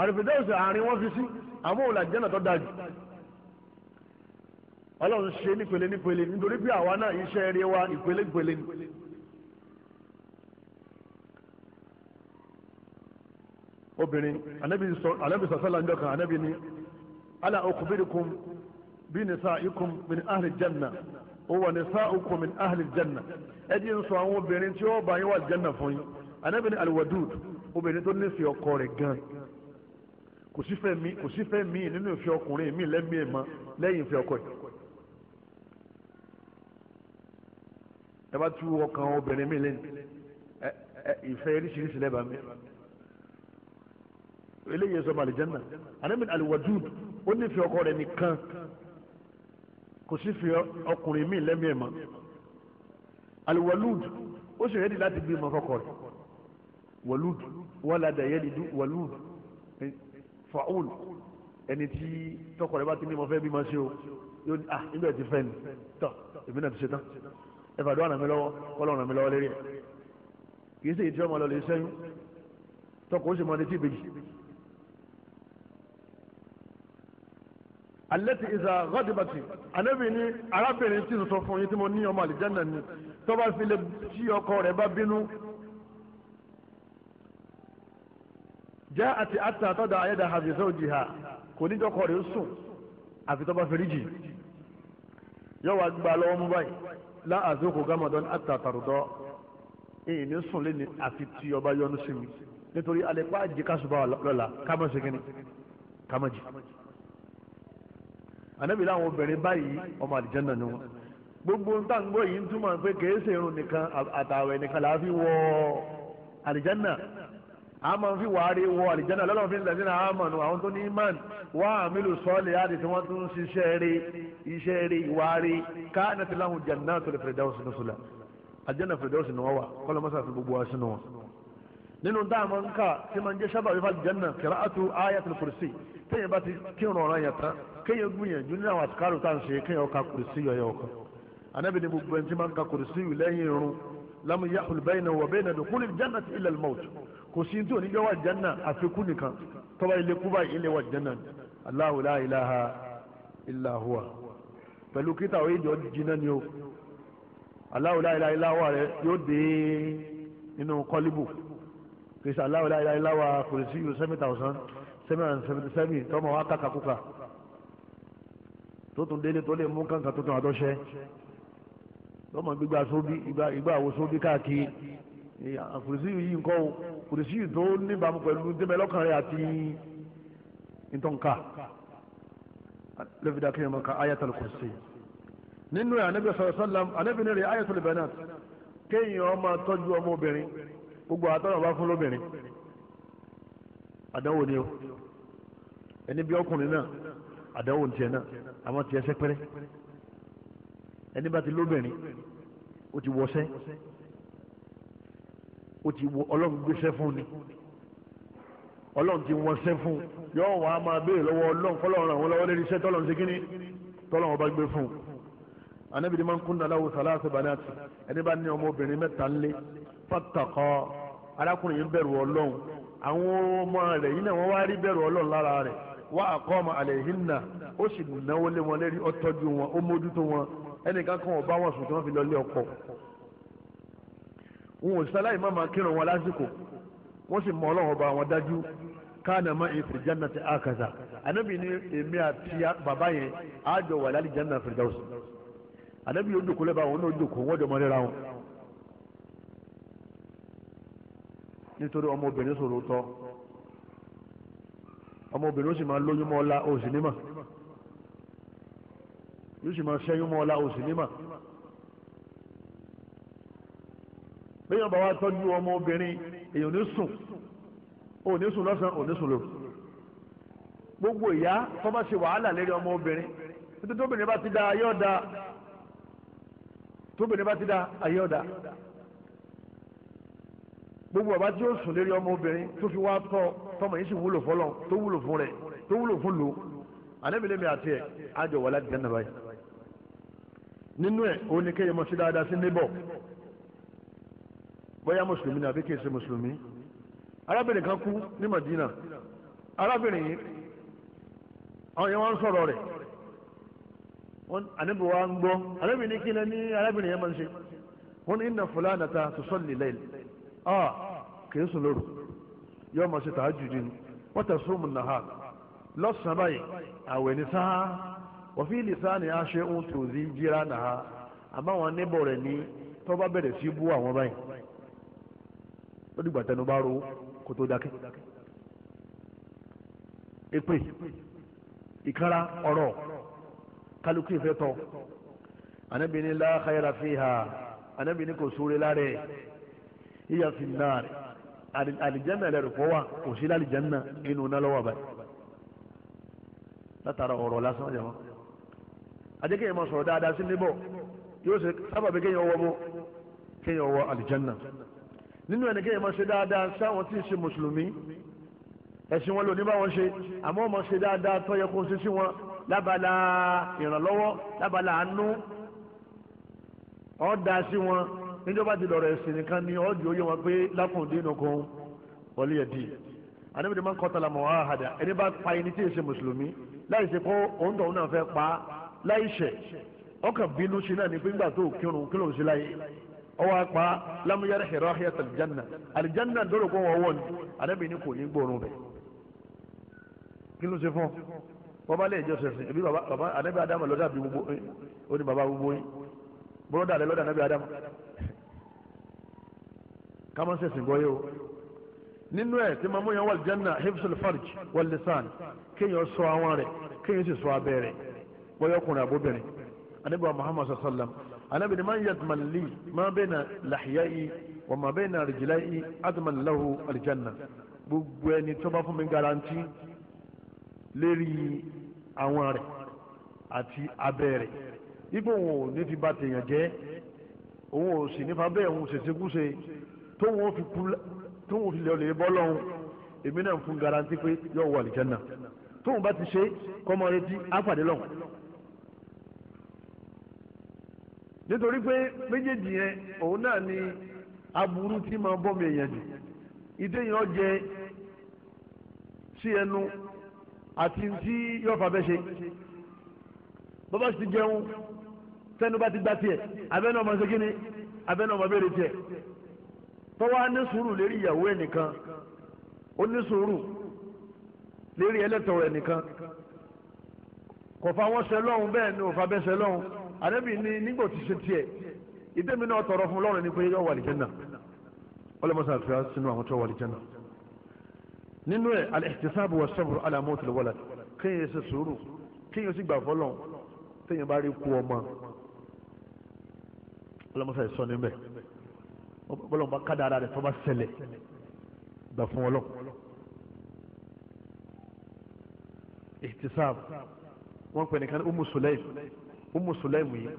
àlùfẹ́dẹ́sì àárín wọn fi sí àmóhùn àjẹ́nà tó dájú ọlọ́run ṣe nípele nípele nítorí pé àwa náà iṣẹ́ eré wa ìpele ìpele ni. obìnrin anabi sọ anabi sọ sọlá njọkan anabi ni ala okubirukum bi nisa ikum min ahli janna o wa nisa ukum min ahli janna ẹ di nsọ àwọn obìnrin tí ó bá yín wà janna fún yín anabi ni alwadud obìnrin tó ní sí ọkọ rẹ̀ gan kò sí fẹ́ mi kò sí fẹ́ mi nínú ìfẹ́ ọkùnrin mi lẹ́mí ẹ̀ mọ́ lẹ́yìn ìfẹ́ ọkọ ẹ̀. ẹ bá tú ọkàn obìnrin mi lẹ́nu ẹ ẹ ìfẹ́ eríṣiríṣi lẹ́bàá mi. eléyìí sọ màlìjánà anamí aliwadud ó nífẹ̀ẹ́ ọkọ rẹ̀ nìkan kò sí fẹ́ ọkùnrin mi lẹ́mí ẹ̀ mọ́ ó sì rẹ́dí láti bí ọmọ kọkọ rẹ̀ walud wàlàdà yẹ́lidú walud. Faul, ẹni tí tọkọ rẹ bá ti ní mo fẹ́ bí ma ṣe o yóò ní ah nígbà tí fẹ́ ni tọ èmi náà ti ṣe tán ẹ fàdó àná mi lọ́wọ́ kọ́lọ́ ràn mí lọ́wọ́ lérí ẹ̀ kì í ṣe ìtí ọmọ lọ lè sẹ́yìn tọkọ ó sì mọ ẹni tí ìbejì. alẹ́tì ìzà rọ́dìbàtì anábì ní arábìnrin tí sọ fún yín tí mo ní ọmọ àlìjáná ni tọ́ba fi lè tí ọkọ rẹ̀ bá bínú jẹ́ àti àtà tọ́da ayẹ́dà àfihàn òjì ha kò ní jọkọ̀ rẹ̀ sùn àfi tọ́ bá fẹ́ríjì yóò wá gba lọ́wọ́ mú báyìí lá àzókò gámọ̀dọ́n àtà tàrúdọ́ èyí ní sùn lé ní àfi tí ọba yọ́nú sí mi nítorí alẹ́pá àjẹ kásùbà lọ́la kámọ̀ sí kínní kámọ̀ jì ànábì láwọn obìnrin báyìí ọmọ àlìjẹ́nà ni wọn gbogbo ntàngbọ́ yìí ń túmọ̀ pé kèé ṣèrun nìkan àtàwẹ̀ nìkan làá fi wọ àlìjẹ́nà a máa fi wàá rí wọ àlìjáná lọ́lọ́run fi ń lẹ́sìn náà àmọ̀nù àwọn tó ní imán wá àmìlù sọ́ọ̀lì àti tí wọ́n tún ṣiṣẹ́ rí iṣẹ́ rí ìwà rí káàní ti láhùn jẹ̀nà tó lè fèrèdà òsì nùsùlà àjẹ́nà fèrèdà òsì nùwọ́ wà kọ́lọ́ mọ́sá fi gbogbo wa sínú wọn. nínú dáàmú nǹka tí máa ń jẹ́ sábà wípé àjẹ́nà kẹrẹ́ àtú ayatul kursi kéèyàn bá ti kírun ọ̀ràn yẹn tán kéèyàn gbìyànjú ní àwọn àtikárò tá à ń ṣe kéèyàn ka kursi yọ̀yọ̀ kò sí tí oníjọ́ wà jẹ́nà àfikún nìkan tọ́ba ilé kúbà ilé wà jẹ́nà Allahu la ilaha illa huwa pẹ̀lú kíta òye jọ jiná ni o Allahu la ilaha illa huwa rẹ yóò dé inú kọ́líbù kìsà Allahu la ilaha illa huwa kò sí yóò seven thousand seven hundred seventy seven tọ́mọ wa kàkàkùkà tó tún délé tó lè mú kankan tó tún àtọ́ṣẹ́ tọ́mọ gbígbà sóbì ìgbà àwo káàkiri àkùrìsí yìí nǹkan o kùrìsí yìí tó níbàámu pẹ̀lú débẹ̀ lọ́kàn rẹ̀ àti ntọ́nka lẹ́fìdá kí ni mo ka ayatul kùrìsí nínú ẹ̀ anabi sọ̀rọ̀ sọ́lám anabi ní rẹ̀ ayatul banat kéèyàn ọmọ tọ́jú ọmọ obìnrin gbogbo àtọ́nà bá fún lóbìnrin àdánwò ni o ẹni bí ọkùnrin náà àdánwò ní tiẹ̀ náà àmọ́ tiẹ̀ sẹ́pẹ́rẹ́ ẹni bá ti lóbìnrin ó ti wọ́sẹ́ ó ti wo ọlọ́run gbéṣẹ́ fún ni ọlọ́run ti wọ́n ṣẹ́ fún yọ̀ọ́ wàá máa béèrè lọ́wọ́ ọlọ́run kọ́lọ́run àwọn lọ́wọ́ lórí iṣẹ́ tọ́lọ́run ṣe kí ni tọ́lọ́run bá gbé fún anabi man kunna lahu salasa banati ẹni bá ní ọmọbìnrin mẹ́ta ńlẹ̀ fattaqa arákùnrin yìí bẹ̀rù ọlọ́run àwọn ọmọ rẹ̀ yìí náà wọ́n wá rí bẹ̀rù ọlọ́run lára rẹ̀ wa aqama alayhinna ó sì náwó lé wọn lérí ó wọn ó mójútó wọn ẹnìkan kan ọba wọn sùn tí wọ́n fi lọ lé ọkọ wọn ò sáláì má máa kírun wọn lásìkò wọ́n sì mọ ọlọ́run ọba wọn dájú káàna má ìfì jẹ́nà ti àkàzà ànábì ní èmi àti bàbá yẹn àjọ wà lálẹ́ jẹ́nà fìdáwùsì ànábì yóò dòkó lẹ́bàá wọn náà dòkó wọ́n jọ mọ́lẹ́ra wọn. nítorí ọmọbìnrin sọ̀rọ̀ tọ́ ọmọbìnrin ó sì máa lóyún mọ́ ọlá òsì nímà sì máa ṣẹ́yún mọ́ ọlá òsì bẹ́ẹ̀ bá wa tọ́jú ọmọ obìnrin èèyàn ní sùn ò ní sùn lọ́sàn-án ò ní sùn lóru gbogbo ìyá tó ṣe wàhálà lérí ọmọ obìnrin nítorí tóbìnrin bá ti da ayé ọ̀dà tóbìnrin bá ti da ayé ọ̀dà gbogbo ọba tí ó sùn lérí ọmọ obìnrin tó fi wá tọ́ tọmọ yìí sì wúlò fọlọ́ tó wúlò fún rẹ̀ tó wúlò fún lò àlẹ́bìlẹ́mi àti ẹ̀ àjọ wà láti dáná báyìí nínú ẹ̀ òun ni kéèyàn mọ̀ sí dáadáa sí níbọ̀ bóyá mùsùlùmí ni àbí kìí ṣe mùsùlùmí arábìnrin kan kú ní Madina arábìnrin yìí àwọn yẹn wọ́n ń sọ̀rọ̀ rẹ̀ wa ń gbọ́ arábìnrin ní kílẹ̀ ní arábìnrin yẹn máa ń ṣe ní inna fulanata tusalli layl ah kìí sùn lóru yóò máa ṣe tahajjudi ni wa tasumu nahar lọ́sàn-án báyìí ha, ní sáà na fi lisani aṣẹ́ ń tòzí jíra nàá àmọ́ lórí ìgbà tẹnu bá ro kó tó dákẹ́ èpè ìkara ọ̀rọ̀ kálukú ìfẹ́ tọ̀ Ànábì ní la khayra fiha Ànábì ní kò sóore lára ẹ̀ yíyá fi náà àlìjánná rẹ̀ rúkọ́ wa kò sí lálìjánná inú náà lọ́wọ́ báyìí látara ọ̀rọ̀ lásán jẹ́ wọn adékèyàn máa sọ̀rọ̀ dáadáa sí níbọ̀ yóò ṣe sábàbí kéèyàn wọ bó kéèyàn wọ àlìjánná nínú ẹni kéèyàn máa ṣe dáadáa sáwọn tí ń ṣe mùsùlùmí ẹ̀sìn wọn lòní bá wọn ṣe àmọ́ wọn máa ṣe dáadáa tó yẹ kó ṣe sí wọn lábala ìrànlọ́wọ́ lábala àánú ọ̀ da sí wọn níjọba ti dọ̀rọ̀ ẹ̀sìn nìkan ni ọ̀ jù ó yẹ wọn pé lákùndín nìkan wọlé ẹ̀dí anabidi man kọtala mọ ahada ẹni bá pa ẹni tí èsì mùsùlùmí láì ṣe kó òun tó òun náà fẹ́ ọwọ́ apá lámúyára hẹ̀rọ ahẹ́tà aljanna aljanna dọ́rọ̀ kó wọ́wọ́ ni anábì ní kò ní gbóòórùn bẹ̀ kí ló ṣe fún wọ́n bá lè jọ sẹ̀sìn ẹbí bàbá anábì adama lọ́dà bí gbogbo ó ní bàbá gbogbo yín bọ́lọ́dà rẹ lọ́dà anábì adama kámọ́ sẹ̀sìn gbọ́ yé o nínú ẹ̀ tí mamu yẹn wà aljanna hifzul farj wal lisan kéèyàn sọ àwọn rẹ̀ kéèyàn sì sọ abẹ́ rẹ̀ àbóbìnrin anábì muhammadu sallam anábìrin máa ń yẹ àtìmọ̀lì máa bẹ́ẹ̀ na làhíyáyì wọ́n máa bẹ́ẹ̀ na rìjìláyì àtìmọ̀lì lahu àlìjánà gbogbo ẹni tó bá fún mi garanti lérí àwọn rẹ̀ àti abẹ́ rẹ̀ ipò òun ò ní fi ba tèèyàn jẹ́ òun ò sì nípa bẹ́ẹ̀ òun ṣèṣekúṣe tóun ò fi kú lè bọ́ lọ́hùn èmi náà fún garanti pé yóò wọ àlìjánà tóun bá ti ṣe kọ́mọ retí àfàdé lọ́hùn nítorí pé méjèèjì yẹn òun náà ni aburú tí máa bọ́ mi èèyàn jù ìdéyàn jẹ sí ẹnu àti tí yóò fà bẹ́ ṣe bọ́bá sì ti jẹun tẹnu bá ti gba tiẹ̀ abẹ́nu ọmọ ṣe kíni abẹ́nu ọmọ béèrè tiẹ̀ tọ́wọ́ á ní sùúrù lérí ìyàwó ẹnìkan ó ní sùúrù lérí ẹlẹ́tọ̀ọ́ ẹnìkan kò wọn ṣe bẹ́ẹ̀ ni ò fa bẹ́ àdébì ní nígbà tí ṣe tiẹ̀ ìdẹ́mi náà tọrọ fún lọ́rùn ni pé yọ wà lìjẹ́nà ọlọ́mọsá àfihàn sínú àwọn tó wà lìjẹ́nà nínú ẹ̀ al-ihtisabu wa sabru ala mawtil walad kéèyàn ṣe sùúrù kéèyàn sì gbà fọlọ́n téèyàn bá rí kú ọmọ ọlọ́mọsá ìsọ níbẹ̀ ọlọ́mọ bá kádàrà rẹ̀ tó bá ṣẹlẹ̀ gbà fún ọlọ́mọ ihtisab pè nìkan umu sulaim umu sulaimu yìí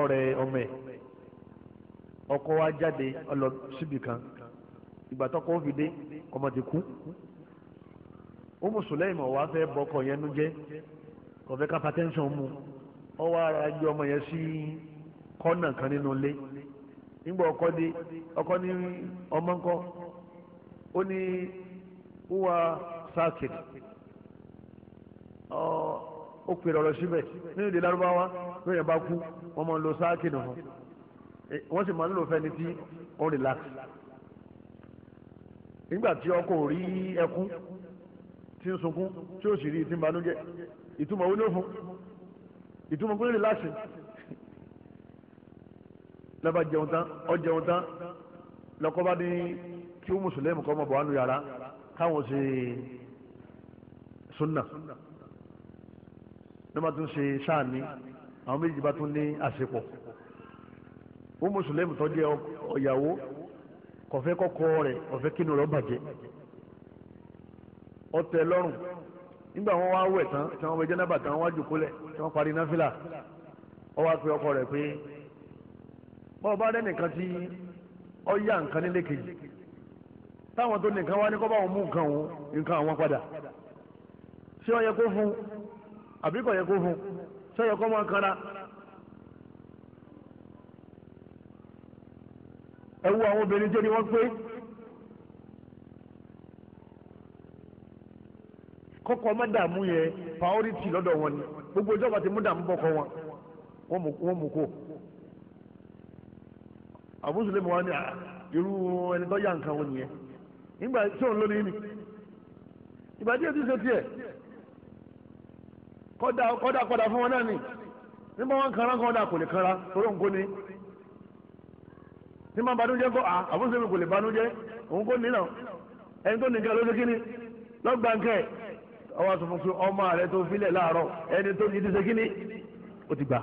ọ̀rẹ́ ọmọ ẹ̀ ọkọ wa jáde ọlọ síbi kan ìgbà tọkọ ó fi ọmọ ti kú umu sulaimu ọwọ afẹ bọkọ yẹn nu jẹ kọfẹ kápá tẹnṣọn mu ọwọ ara gbé ọmọ yẹn sí kọ́nà kan nínú ilé nígbà ọkọ dé ọkọ ní ọmọ ńkọ́ ó ní wúwa sáàkìrì ọ ó pèrè ọ̀rọ̀ síbẹ̀ nínú èdè lárúbáwá lóyè bá kú wọ́n máa ń lo sáàkì nù fún wọ́n sì máa ń lò fẹ́ni tí ó relax nígbà tí ọkọ rí ẹkún tí ń sunkún tí ó sì rí ti ń banújẹ́ ìtumọ̀ wo fún ìtumọ̀ pé relax lọ́ba jẹun tán ọ jẹun tán lọ́kọ́ bá ní kí ó mùsùlùmí kọ́ ọmọ bọ̀ wá nu yàrá káwọn ṣe sunna. sunna ní wọ́n tún ṣe sáàní àwọn méjì bá tún ní àṣepọ̀ ó mùsùlùmí tó jẹ́ ọ̀yàwó kọ̀fẹ́ kọ́kọ́ rẹ̀ ọ̀fẹ́ kínú rẹ̀ bàjẹ́ ọtẹ lọ́rùn nígbà wọn wá wẹ̀ tán tí wọ́n wẹ̀ jẹ́nàbà tán wọ́n jùkúlẹ̀ tí wọ́n parí náfìlà ọ wá pe ọkọ rẹ̀ pé bọ́ọ̀ bá dẹ́nìkan tí ọ yá nǹkan nílé kejì táwọn tó nìkan wá ní kọ́ bá wọn mú nǹkan òun nǹkan àwọn padà ṣé ọ yẹ kó fún àbí kò yẹ kó fún sọyọ kọ́ máa kanra ẹ wo àwọn obìnrin tí wọ́n pé kọ́kọ́ má dààmú yẹn priority lọ́dọ̀ wọn ni gbogbo ìjọba ti mú dààmú bọ̀kọ wọn wọ́n mú kó àbúsùlẹ̀mù wa ni irú ẹni tó yá nǹkan wọn nìyẹn nígbà tí òun lónìí ni ìgbà tí tiẹ̀ kọ́dà kọ́dà kọ́dà fún wọn náà ni nígbà wọn kanra kọ́dà kò lè kanra torí òun kò ní nígbà banújẹ́ kọ́ ah, àbúṣe mi kò lè banújẹ́ òun kò ní náà ẹni tó nìkan ló ṣe kíni lọ́gbà nkẹ́ ọwọ́ àtúntò fún ọmọ rẹ tó filẹ̀ láàárọ̀ ẹni tó ní ti ṣe kíni ó ti gbà.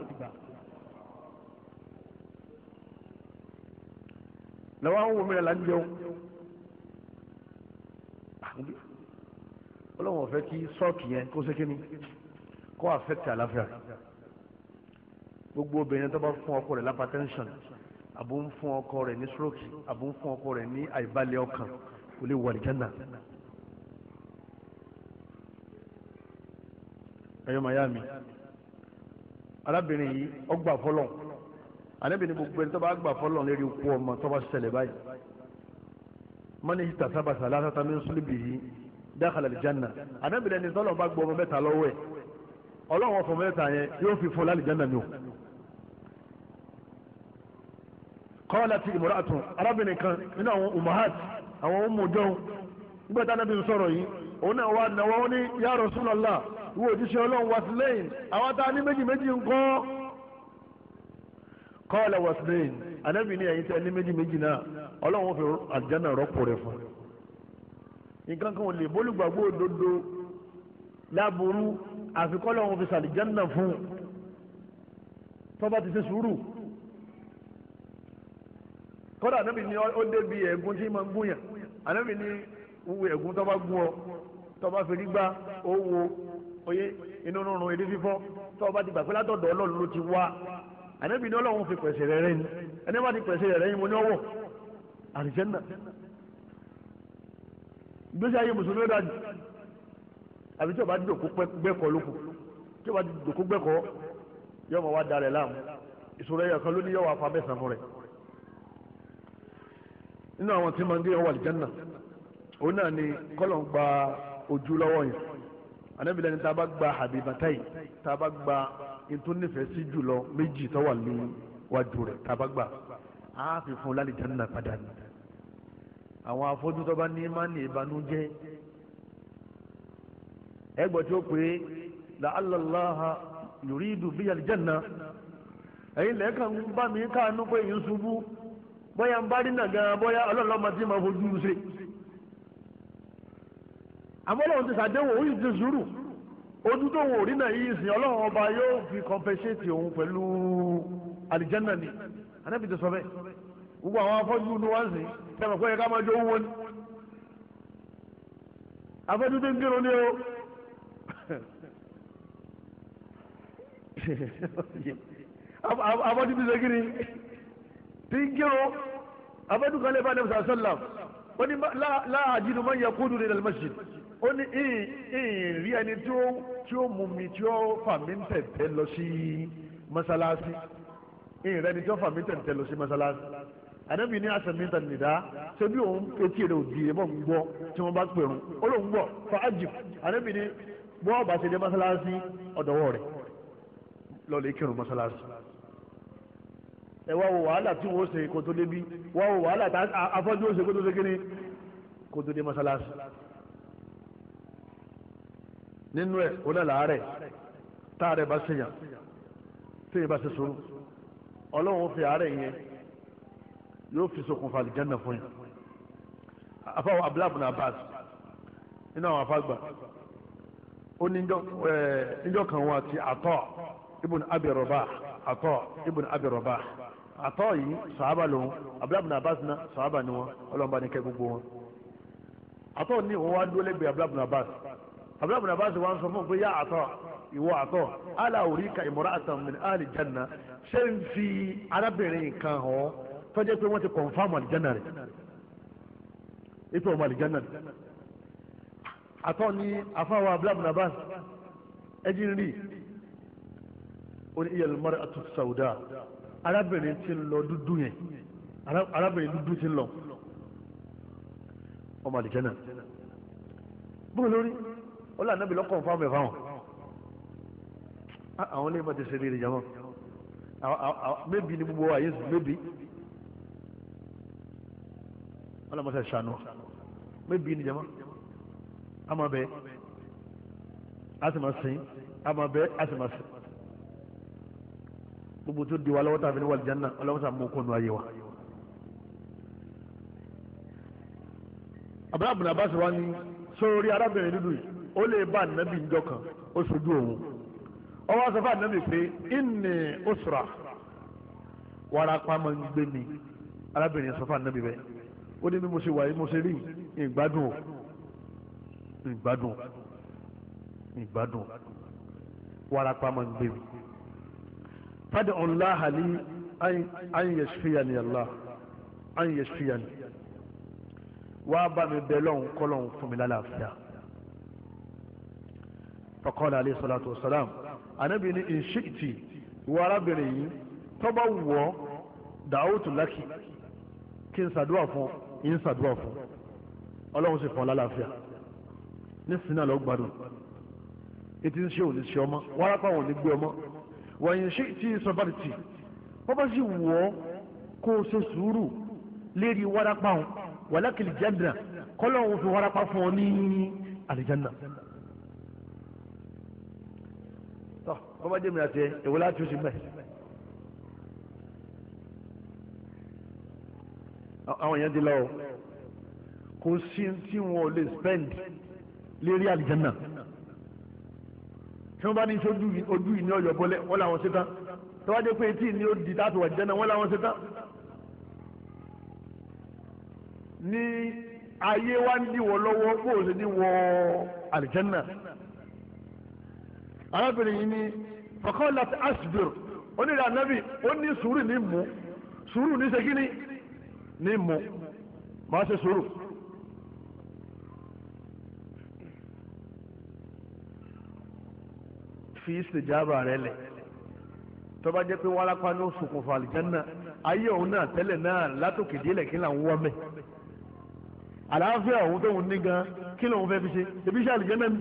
lọ́wọ́ àwọn ohun mìíràn là ń jẹun ah, ọlọ́wọ́n fẹ́ kí sọ́ọ̀kì yẹn kó ṣe kíni kó affect àlàáfíà rẹ̀ gbogbo obìnrin tó bá fún ọkọ rẹ̀ lápátẹ́ńṣọ̀n àbò ń fún ọkọ rẹ̀ ní stroke àbò ń fún ọkọ rẹ̀ ní àìbalẹ̀ ọkàn kò lè wà nìjánà. ẹ̀yọ́ màyá mi arábìnrin yìí ọgbà fọlọ́n arábìnrin gbogbo ẹni tó bá gbà fọlọ́n lérí ikú ọmọ tó bá ṣẹlẹ̀ báyìí mọ́ni yìí tàṣàbàṣà látàtà mi ń súlùbì yìí dákàlà lìjánà arábìnrin ẹni tọ́lọ́ bá gbọ́ ọmọ mẹ́ta lọ́wọ́ ẹ̀ ọlọ́run ọ̀fọ̀ mẹ́ta yẹn yóò fi fún lálìjánà ni o. kọ́ọ̀lá ti ìmọ̀ràn àtún arábìnrin kan nínú àwọn umahat àwọn ọmọ òjòun nígbà tá anábì ń sọ̀rọ̀ yìí òun náà wà náwó ó ní ya Rasulullah ìwé òjíṣẹ́ ọlọ́run wàsílẹ́yìn àwọn tá a ní méjì méjì ń kọ́ kọ́ọ̀lá wàsílẹ́yìn ní ẹ̀yìn tẹ́ ní méjì méjì náà ọlọ́run fi àlìjánà rọ́pò rẹ̀ fún nǹkan kan ò lè bólúgbàgbó òdodo láburú àfikọ́ lọ́wọ́ fi sàlìjánná fún tọ́ba ti ṣe sùúrù kọ́dà anábì ni ó débi ẹ̀gún tí máa ń gún yàn anábì ni wo ẹ̀gún tọ́ba gún ọ tọ́ba fèrè gbá ó wo oyé inú rúnrún ilé fífọ́ tọ́ba ti gbàgbé látọ̀dọ̀ ọlọ́run ló ti wá anábì ni ọlọ́run fi pẹ̀sẹ̀ rẹ̀ rẹ̀ ni ẹni bá ti pẹ̀sẹ̀ rẹ̀ rẹ̀ mo ní ọwọ́ àlìjánná ìgbésí ayé mùsùlùmí dájú àbí tí o bá dòkó gbẹ́kọ̀ lóko tí o bá dòkó gbẹ́kọ̀ yóò máa wá darẹ̀ láàmú ìṣòro ẹ̀yà kan ló ní yóò wá fa mẹ́sàn-án fún rẹ̀ nínú àwọn tí màá gé ọwọ́ àlìjánà òun náà ni kọ́lọ̀ ń gba ojú lọ́wọ́ yẹn anábìlẹ̀ ni tá a bá gba àbíbátáì tá a bá gba ìtún nífẹ̀ẹ́ sí jùlọ méjì tó wà ní wájú rẹ̀ tá a bá gbà á fi fún lálìjánà padà ní àwọn afọ́jú tó bá ní má ní ìbànújẹ́ ẹgbẹ́ tí ó pè é làálàláha lórí ìdùbí àlìjẹ́nà ẹ̀yin lẹ́ẹ̀kan ń bá mi káànú pé èyí ń ṣubú bóyá ń bá rí nàgà bóyá ọlọ́lọ́mọ tí máa fojú ṣe àmọ́ ti sàdéhùn òun yìí ti sùúrù ojú tó wò ọba yóò fi compensate òun pẹ̀lú àlìjẹ́nà ni anábì ti sọ bẹ́ẹ̀ gbogbo àwọn ni wọ́n sìn tẹ́lẹ̀ pé máa jó owó ni afọ́jú tó ń ni abọ́dún bí sẹ́kìrì tí ń kírun abọ́dún kan lè bá nàbẹ̀sà sọ́là ó ní láàjìnnú máa ń yẹ kúndùn ní al-masjid ó ní ìyìn rí ẹni tí o, mú mi tí ó fà mí masalasi. tẹ̀tẹ̀ lọ sí mọ́sálásí ìyìn rẹ ni tí ó fà mí tẹ̀tẹ̀ lọ sí mọ́sálásí àdébí ní àṣẹmí ta nìdá ṣé bí òun etí rẹ òdì ẹ̀ bọ́ ń gbọ́ tí wọ́n bá pẹ̀rùn ó lóun gbọ́ fa ájì àdébí ní bọ́ọ̀bà ṣe dé mọ́sálásí ọ̀dọ̀wọ́ rẹ̀ lọ́lẹ̀ kírun mọ́sálásí ẹ wá wo wàhálà tí wọ́n ṣe kó tó débi wá wo wàhálà tá afọ́jú ó ṣe kó tó ṣe kíni kó tó dé mọ́sálásí nínú ẹ̀ ó lẹ́ làárẹ̀ tá a rẹ̀ bá ṣèyàn tí èyí bá ṣe sùúrù ọlọ́run fi àárẹ̀ yẹn yóò fi ṣokùnfà àlìjánà fún yẹn afáwọn abdullahi bin abbas nínú àwọn afágbà ó ní níjọ́ kan wọn àti àtọ́ ibùn abi Rabah àtọ̀ ibùn abi Rabah àtọ̀ yìí sàábà lòun abdullahi bin abbas náà sàábà ni wọn ọlọ́mọba ní kẹ́ gbogbo wọn àtọ̀ ní òun wá dúró lẹ́gbẹ̀ẹ́ abdullahi bin abbas abdullahi bin abbas wa ń sọ fún un pé yá àtọ̀ ìwọ àtọ̀ aláwòríkà imra'atan min ahli janna ṣé ń fi arábìnrin kan hàn tọ́jú pé wọ́n ti kọ̀nfàmù àlìjánà rẹ̀ ètò ọmọ àlìjánà rẹ̀ àtọ́ ni afáwa abdullahi abbas ẹ̀jìn rí ó ní iyẹlẹ mọ́ra àti sàwùdà arábìnrin ti ń lọ dúdú yẹn arábìnrin dúdú ti ń lọ ọmọ àlìjẹ́nà bó lórí ó lànà bí lọ́kọ̀ fáwọn ẹ̀fà wọn ah, àwọn ilé ìmọ̀ ti ṣe rere jàmọ́ mébi ni gbogbo àyè sùn mébi ọlọ́mọṣẹ́ ṣàánú mébi ni jàmọ́ àmọ́ bẹ́ẹ̀ a sì máa sìn àmọ́ bẹ́ẹ̀ gbogbo tó di wa lọ́wọ́ tàbí wà lìjánná ọlọ́wọ́ tàbí mú kónú ayé wa. abdullahi bin abbas wa ni sórí arábìnrin dúdú yìí ó lè bá nàbì ń jọkàn ó sojú òun sọ fún ànábì pé ìnì òsùrà wàràpá máa ń gbé mi arábìnrin sọ fún ànábì bẹ́ẹ̀ ó ní bí mo ṣe wà yìí mo ṣe rí ìgbádùn ìgbádùn ìgbádùn wàràpá máa ń gbé mi. فادعوا الله لي أن يشفيني الله أن يشفيني وأبا من بلون كلون فمن الأفيا فقال عليه الصلاة والسلام أنا بني إن شئت وربني تبوى دعوت لك kí n ṣàdúrà fún yín ṣàdúrà fún ọlọ́run sì fún ọ lálàáfíà nísìnyí náà lọ gbádùn etí ń ṣe òní ṣe ọmọ wárápá wọn ò ní gbé ọmọ wọ̀nyí ṣe ti sọ̀bọ̀rìtì wọ́n bá sì wọ̀ ọ́ kó o ṣe sùúrù lérí wárápá wọn wàlákìlì jẹ́nà kọ́lọ́ òun fi wárápá fún ọ ní àlìjẹ́nà. tọ́ bọ́bá jẹ́mi àti ìwé láti oṣù mẹ́. àwọn èèyàn ti lọ kò sí tí wọn lè spend lérí àlìjẹ́nà tí wọ́n bá ní sójú ojú yìí ní ọ̀yọ́ bọ́lẹ̀ wọ́n làwọn ṣe tán tọ́wájú pé etí ni ó di tá a ti wà jẹ́ náà wọ́n làwọn ṣe tán. ní ayé wa ń díwọ̀ lọ́wọ́ kó o sì ní wọ àlìjẹ́nà. arábìnrin yìí ni kọ̀kọ́ láti asibir onírè ànábì ó ní sùúrù ní mú sùúrù ní sekí ní mú màá ṣe sùúrù. fi ìsìlẹ̀jáàbà rẹ lẹ̀ tó bá jẹ́ pé wárápá ní òṣùkùnfà àlìjánná ayé òun náà tẹ́lẹ̀ náà látòkè délẹ̀ kí làwọn wọ́ mẹ́ àlàáfíà òun tóun ní gan kí lòun fẹ́ fi ṣe ebi iṣẹ́ àlìjánná mi.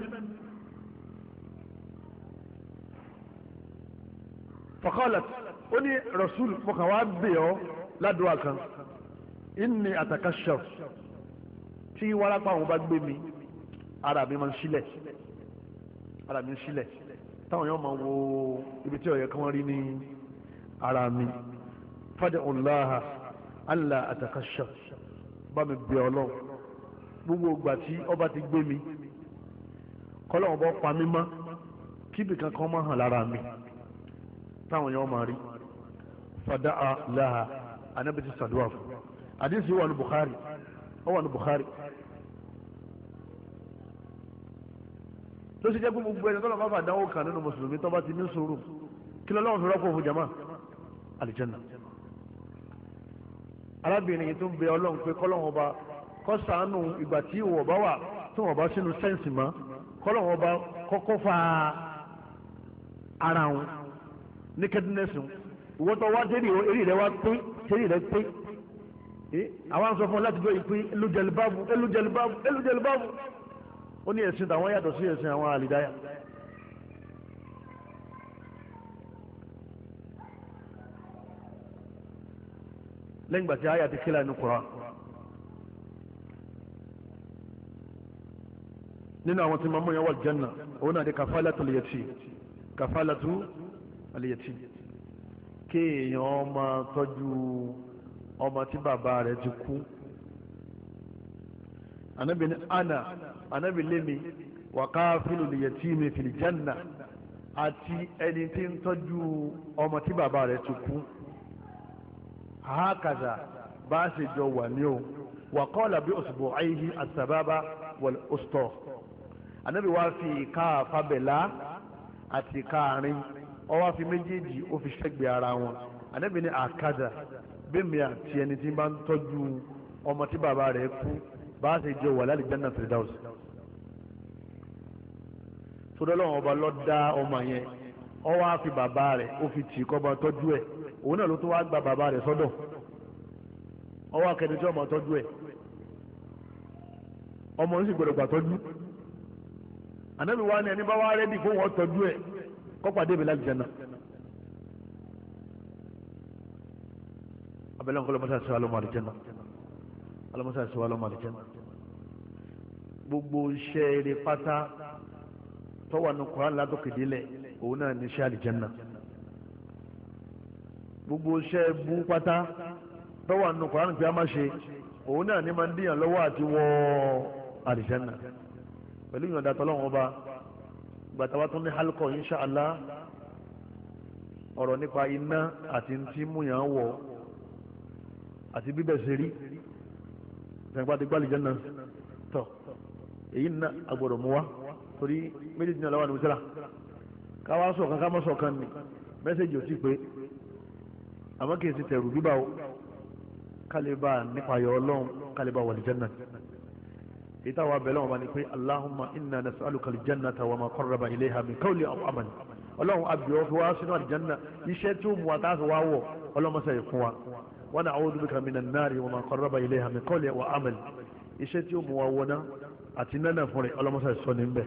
faqalat ó ní rasul mọ̀kàn wá bè ọ́ ládùúgbà kan inni atakashaf tí wárápá òun bá gbé mi ara mi máa ń sílẹ̀ ara mi ń sílẹ̀ táwọn yóò máa wo ibi tí ó yẹ kí wọ́n rí ní ara mi fad'u llaha alla atakasha bá mi bẹ ọlọ́run gbogbo ìgbà tí ọba ti gbé mi kọ́lọ́run bọ́ pa mí mọ́ kíbi kankan máa hàn lára mi táwọn yóò máa rí fada'a laha anabi ti sàdúrà fún àdìsí wà ní Bukhari ó wà ní Bukhari. tó ṣe jẹ́ pé gbogbo ẹni tọ́lọ̀ bá fà dánwò kan nínú mùsùlùmí tó bá ti ní sùúrù kí lọ́wọ́ fi rọ́pò fún jama àlìjẹ́nà arábìnrin yìí tó ń bẹ ọlọ́run pé kọ́lọ́run ọba kó ṣàánú ìgbà tí ìwọ̀ bá wà tó wọ̀ bá sínú sẹ́ǹsì mọ́ kọ́lọ́run ọba kọ́kọ́ fa ara wọn ní kẹ́dínẹ́sì wọn ìwọ́n tó wá tẹ́lẹ̀ eré rẹ wá pé tẹ́lẹ̀ rẹ pé àwọn sọ fún ọ láti gbé ìpín ó ní ẹ̀sìn tàwọn yàtọ̀ sí ẹ̀sìn àwọn àlìdáyà lẹ́yìn gbàtí àyà ti kílà ní kura nínú àwọn tí ma mú yẹn wà jẹ́nà òun náà di kàfálàtú lìyẹtì kàfálàtú lìyẹtì kéèyàn máa tọ́jú ọmọ tí bàbá rẹ̀ ti kú anabi ni ana anabi lemi wakafilu liyatimi filijanna àti ẹni tí ń tọ́jú ọmọ tí bàbá rẹ̀ ti kú hakaza bá a ṣe jọ wà ní o wàkọ́ọ̀lá bí òṣùbọ̀ àyíhí àtàbàbà wal usto anabi wa fi ìka àfàbẹ̀lá àti ìka àárín ọwọ́ fi méjèèjì ó fi ṣẹ́gbẹ̀ ara wọn anabi ni àkàdà bẹ́ẹ̀ mi àti ẹni tí ń bá ń tọ́jú ọmọ tí bàbá rẹ̀ kú bá a ṣe jẹ wà lálẹ́ jẹ́nà fìdáwùsì sọdọ́lọ́wọ́n ọba lọ dá ọmọ yẹn ó wá fi bàbá rẹ̀ ó fi tì í kọ́ba tọ́jú ẹ̀ òun náà ló tún wá gba bàbá rẹ̀ sọ́dọ̀ ó wá akẹ́ni tí ọmọ tọ́jú ẹ̀ ọmọ ń sì gbọdọ̀ gbà tọ́jú ànábì wa ni ẹni bá wá rẹ́dì fún wọn tọ́jú ẹ̀ kọ́pàdé mi lálẹ́ jẹ́nà. abẹ́lẹ́ ń kọ́ sọ́ọ́ alamọ́sá ṣe wá lọ́mọ àlìjẹ́ gbogbo iṣẹ́ eré pátá tọ́wọ́ ní koran látọ̀kẹ́dẹ́lẹ̀ òun náà ní iṣẹ́ àlìjẹ́ náà gbogbo iṣẹ́ bú pátá tọ́wọ́ ní koran pé a má ṣe òun náà ní máa ń díyàn lọ́wọ́ àti wọ àlìjẹ́ náà pẹ̀lú ìyọ̀ǹda tọ́lọ́wọ́n ọba gbàtàwá tún ní halkọ insha ọ̀rọ̀ nípa iná àti ntí múyàn wọ̀ àti bíbẹ̀ ṣe tẹ̀gbá ti gbálẹ̀ jẹ́nà tọ̀ èyí ń ná agbọ̀dọ̀ mú wa torí méjèèjì náà làwọn àdúgbò sẹ́la káwá sọ̀kan ká mọ́ sọ̀kan ni mẹ́sẹ̀jì ò tí pé àmọ́ kì í ṣe tẹ̀rù bíbá o kálíbà nípa ayọ̀ ọlọ́run kálíbà wà lìjẹ́nà èyí táwọn abẹ́lẹ́ wọn bá ní pé aláhùnmá iná nasàlùkà lìjẹ́nà tàwọn ọmọ kọ́rọ̀bà ilé hàmì káwọlì àmàlì ọlọ́run abìọ́ fi wá sínú àlìjẹ́nà iṣẹ́ tí ó mú wa wá wọ̀ ọlọ́mọṣẹ́ yìí fún wa wa na'udhu bika minan nari wa ma qarraba ilayha min qawli wa amal iṣẹ́ tí ó mú wa wọná àti nánà fún rẹ̀ ọlọ́mọṣẹ́ sọ ní bẹ́ẹ̀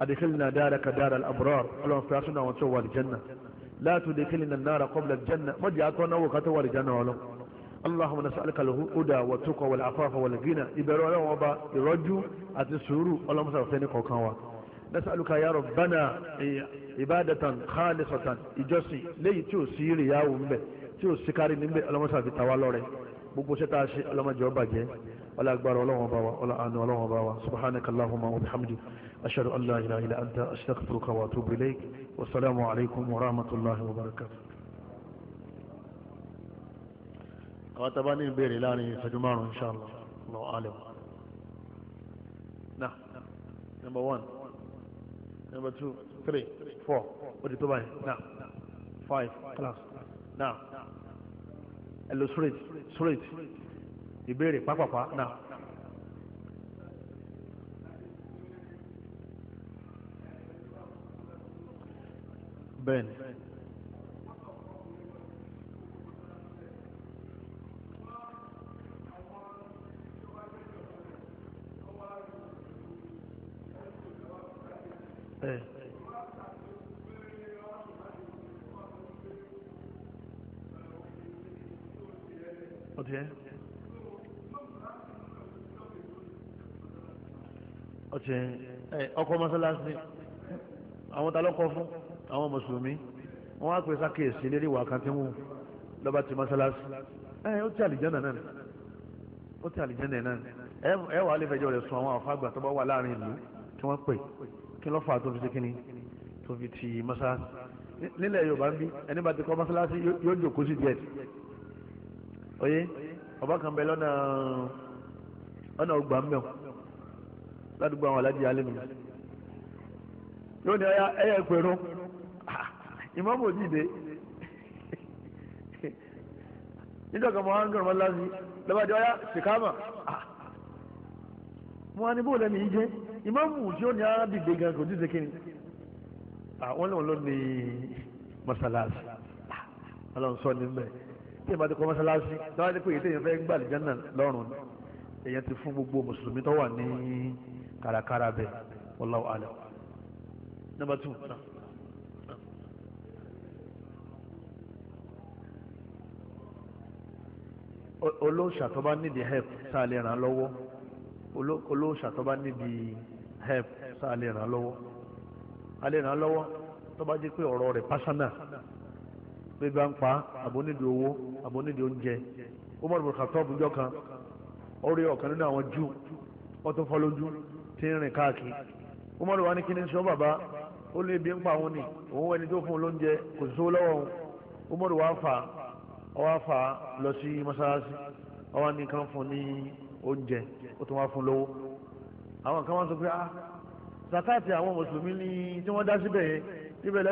adkhilna daraka daral abrar ọlọ́mọ fẹ́ aṣọ́nà àwọn tó wà lìjẹ́nà la tudkhilna an-nara qabla al-janna mọ́jì àtọ́nà wò kátó wà lìjẹ́nà ọlọ́ allahumma nas'aluka al-huda wa tuqa wal afafa wal ghina ìbẹ̀rù ọlọ́wọ́ ọba ìrọ́jú àti sùúrù ọlọ́mọṣẹ́ fẹ́ ní kọ̀ọ̀kan wa nasaluka ya rabbana ibadatan khalisatan ìjọsìn léyìí tí ò sí rí yàwó ń tí ò síkárì níbẹ̀ ọlọ́mọṣà fi ta wá lọ́rẹ gbogbo ṣẹ́ta ṣe ọlọ́mọjọ́ bàjẹ́ ọlá agbára ọlọ́wọ́n bá wa ọlá àánú ọlọ́wọ́n bá wa subhanaka allahumma wa bihamdi ashhadu an la ilaha illa anta astaghfiruka wa atubu ilayk wa salaamu alaykum wa rahmatullahi wa barakatuh. àwọn tá a bá ní ìbéèrè láàrin ìṣẹ́jú márùn-ún inṣàlá lọ́ọ́ alẹ́ wọn. number one number two three four ó tó báyìí na five class. náà ẹ lo straight straight ìbéèrè pápápá náà. bẹ́ẹ̀ni. jẹ́ ọtí ọkọ mọ́sálásí àwọn ta lọ́kọ́ fún àwọn mùsùlùmí wọ́n á pè sákèésí lérí ìwà kan tí wọ́n lọ́ba ti mọ́sálásí ẹ ó ti àlìjánà náà ó ti àlìjánà náà ẹ wà á lè fẹjọ́ rẹ̀ sùn àwọn àfáàgbà tó bá wà láàrin ìlú tí wọ́n pè kí ló fà á tó fi ṣe kínní tó fi ti mọ́sálásí nílẹ̀ Yorùbá ń bí ẹni bá ti kọ́ mọ́sálásí yóò jòkó sí díẹ̀ oyé. Okay? bàbá kan bẹ lọ́nà ọ̀nà ọgbà mẹ́ọ̀ ládùúgbò àwọn alájí alẹ́ mi yóò ní ẹyẹ ìpẹ̀rún ìmọ̀mù òjìde nígbà kan mo wá ń gbọ́n wọn lásì lọ́bàdì ọ̀yá ṣìkámà mo wá ní bóòlù ẹni yìí jẹ́ ìmọ̀mù tí ó ní ara dìde gan kò dìde kí ni àwọn lòun ní mọ́sálásì ọlọ́run sọ ní bẹ́ẹ̀ tí èèyàn bá ti kọ́ mọ́ṣáláṣí dáwọ́ jẹ́ pé èyí téèyàn fẹ́ gbà àlìjánnà lọ́rùn èèyàn ti fún gbogbo mùsùlùmí tó wà ní kàràkàrà bẹ́ẹ̀ wallahu alam. number two. No. olóòṣà tó bá níbi help tá a lè ràn lọ́wọ́ olóòṣà tó bá níbi help tá a lè ràn lọ́wọ́ a lè ràn lọ́wọ́ tó bá jẹ́ pé ọ̀rọ̀ rẹ̀ personal pé bá ń pa àbónídìí owó àbónídìí oúnjẹ Umar bin Khattab ọjọ́ kan ó rí ọ̀kan nínú àwọn jù ó tún fọ́ lójú tí ń rìn káàkiri Umar wa ní kí ni sọ bàbá ó lé ebi ń pa òun ni òun ẹni tó fún un lóúnjẹ kò sí sówó lọ́wọ́ òun Umar wa fà á wa fà á lọ sí mọ́sálásí wa ní kan fún un ní oúnjẹ ó tún wá fún un lówó àwọn kan wá sọ pé ah zakati àwọn mùsùlùmí ni tí wọ́n dá síbẹ̀ yẹn ibẹ̀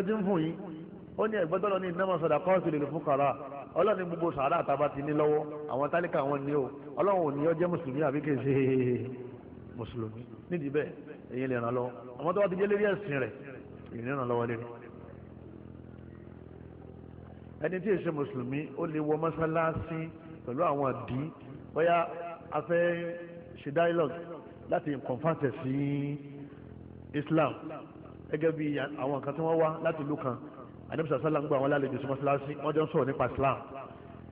ó ní ẹ̀gbẹ́ tọ́lọ́ ní ìnáwó sọ̀dà kọ́ọ̀sì lè fún kàrà ọlọ́run ní gbogbo sàárà àtàbà ti ní lọ́wọ́ àwọn tálíkà wọn ní o ọlọ́run ò ní ọjẹ́ mùsùlùmí àbí kì í ṣe mùsùlùmí nídìí bẹ́ẹ̀ èyí lè ràn lọ́wọ́ àwọn tó bá ti jẹ́ lérí ẹ̀sìn rẹ̀ èyí lè ràn lọ́wọ́ lérí. ẹni tí èsì mùsùlùmí ó lè wọ mọ́sálásí pẹ̀lú àwọn àdí bóyá a fẹ́ ṣe dialogue láti confirm sí Islam gẹ́gẹ́ bí àwọn kan tí wọ́n wá láti ìlú kan anamisa sálà ń gba àwọn alálejò sí mọ́sálásí wọ́n jọ ń sọ̀rọ̀ nípa Islam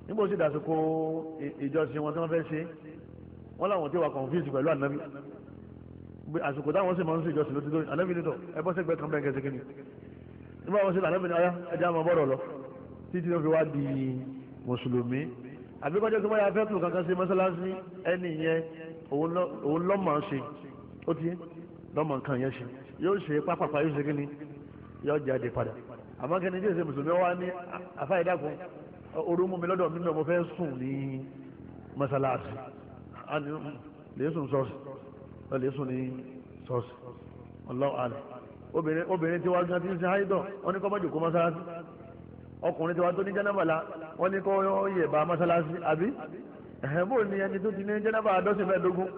nígbà tí ìdásíkò ìjọsìn wọn tí wọ́n fẹ́ ṣe wọ́n láwọn tí wà confuse pẹ̀lú ànábì àsìkò táwọn sì máa ń ṣe ìjọsìn ló ti lóyún ànábì nítọ̀ ẹ bọ́ sẹ́gbẹ́ kan bẹ́ẹ̀ kẹsẹ̀ kí ni nígbà wọn sì ànábì ní ọyá ẹja máa bọ́rọ̀ lọ títí ló fi wá di mùsùlùmí àbíkọ́jọ́ tí wọ́n yà fẹ́ tù kankan sí mọ́sálásí ẹni yẹn òun lọ́mọ ṣe ó ti lọ́mọ nǹkan yẹn ṣe yóò ṣe pápápá yóò ṣe kí ni yóò jáde padà àmọ́ kẹ́ni tí èsè mùsùlùmí wá ní àfáà ìdákun orú mú mi lọ́dọ̀ mi náà mo fẹ́ sùn ní mọ́sálásì lẹ́sùn sọ́ọ̀sì lẹ́sùn ní sọ́ọ̀sì ọlọ́wọ́ àlẹ́ obìnrin tí wàá gan ti ń sin áìdọ̀ wọ́n ní kọ́ mọ́jòkó mọ́sálásì ọkùnrin tí wàá tó ní jẹ́nàbàlá wọ́n ní kọ́ yẹ̀ bá mọ́sálásì àbí ẹ̀hẹ́ bò ní ẹni tó ti ní jẹ́nàbà dọ́sìn fẹ́ dógún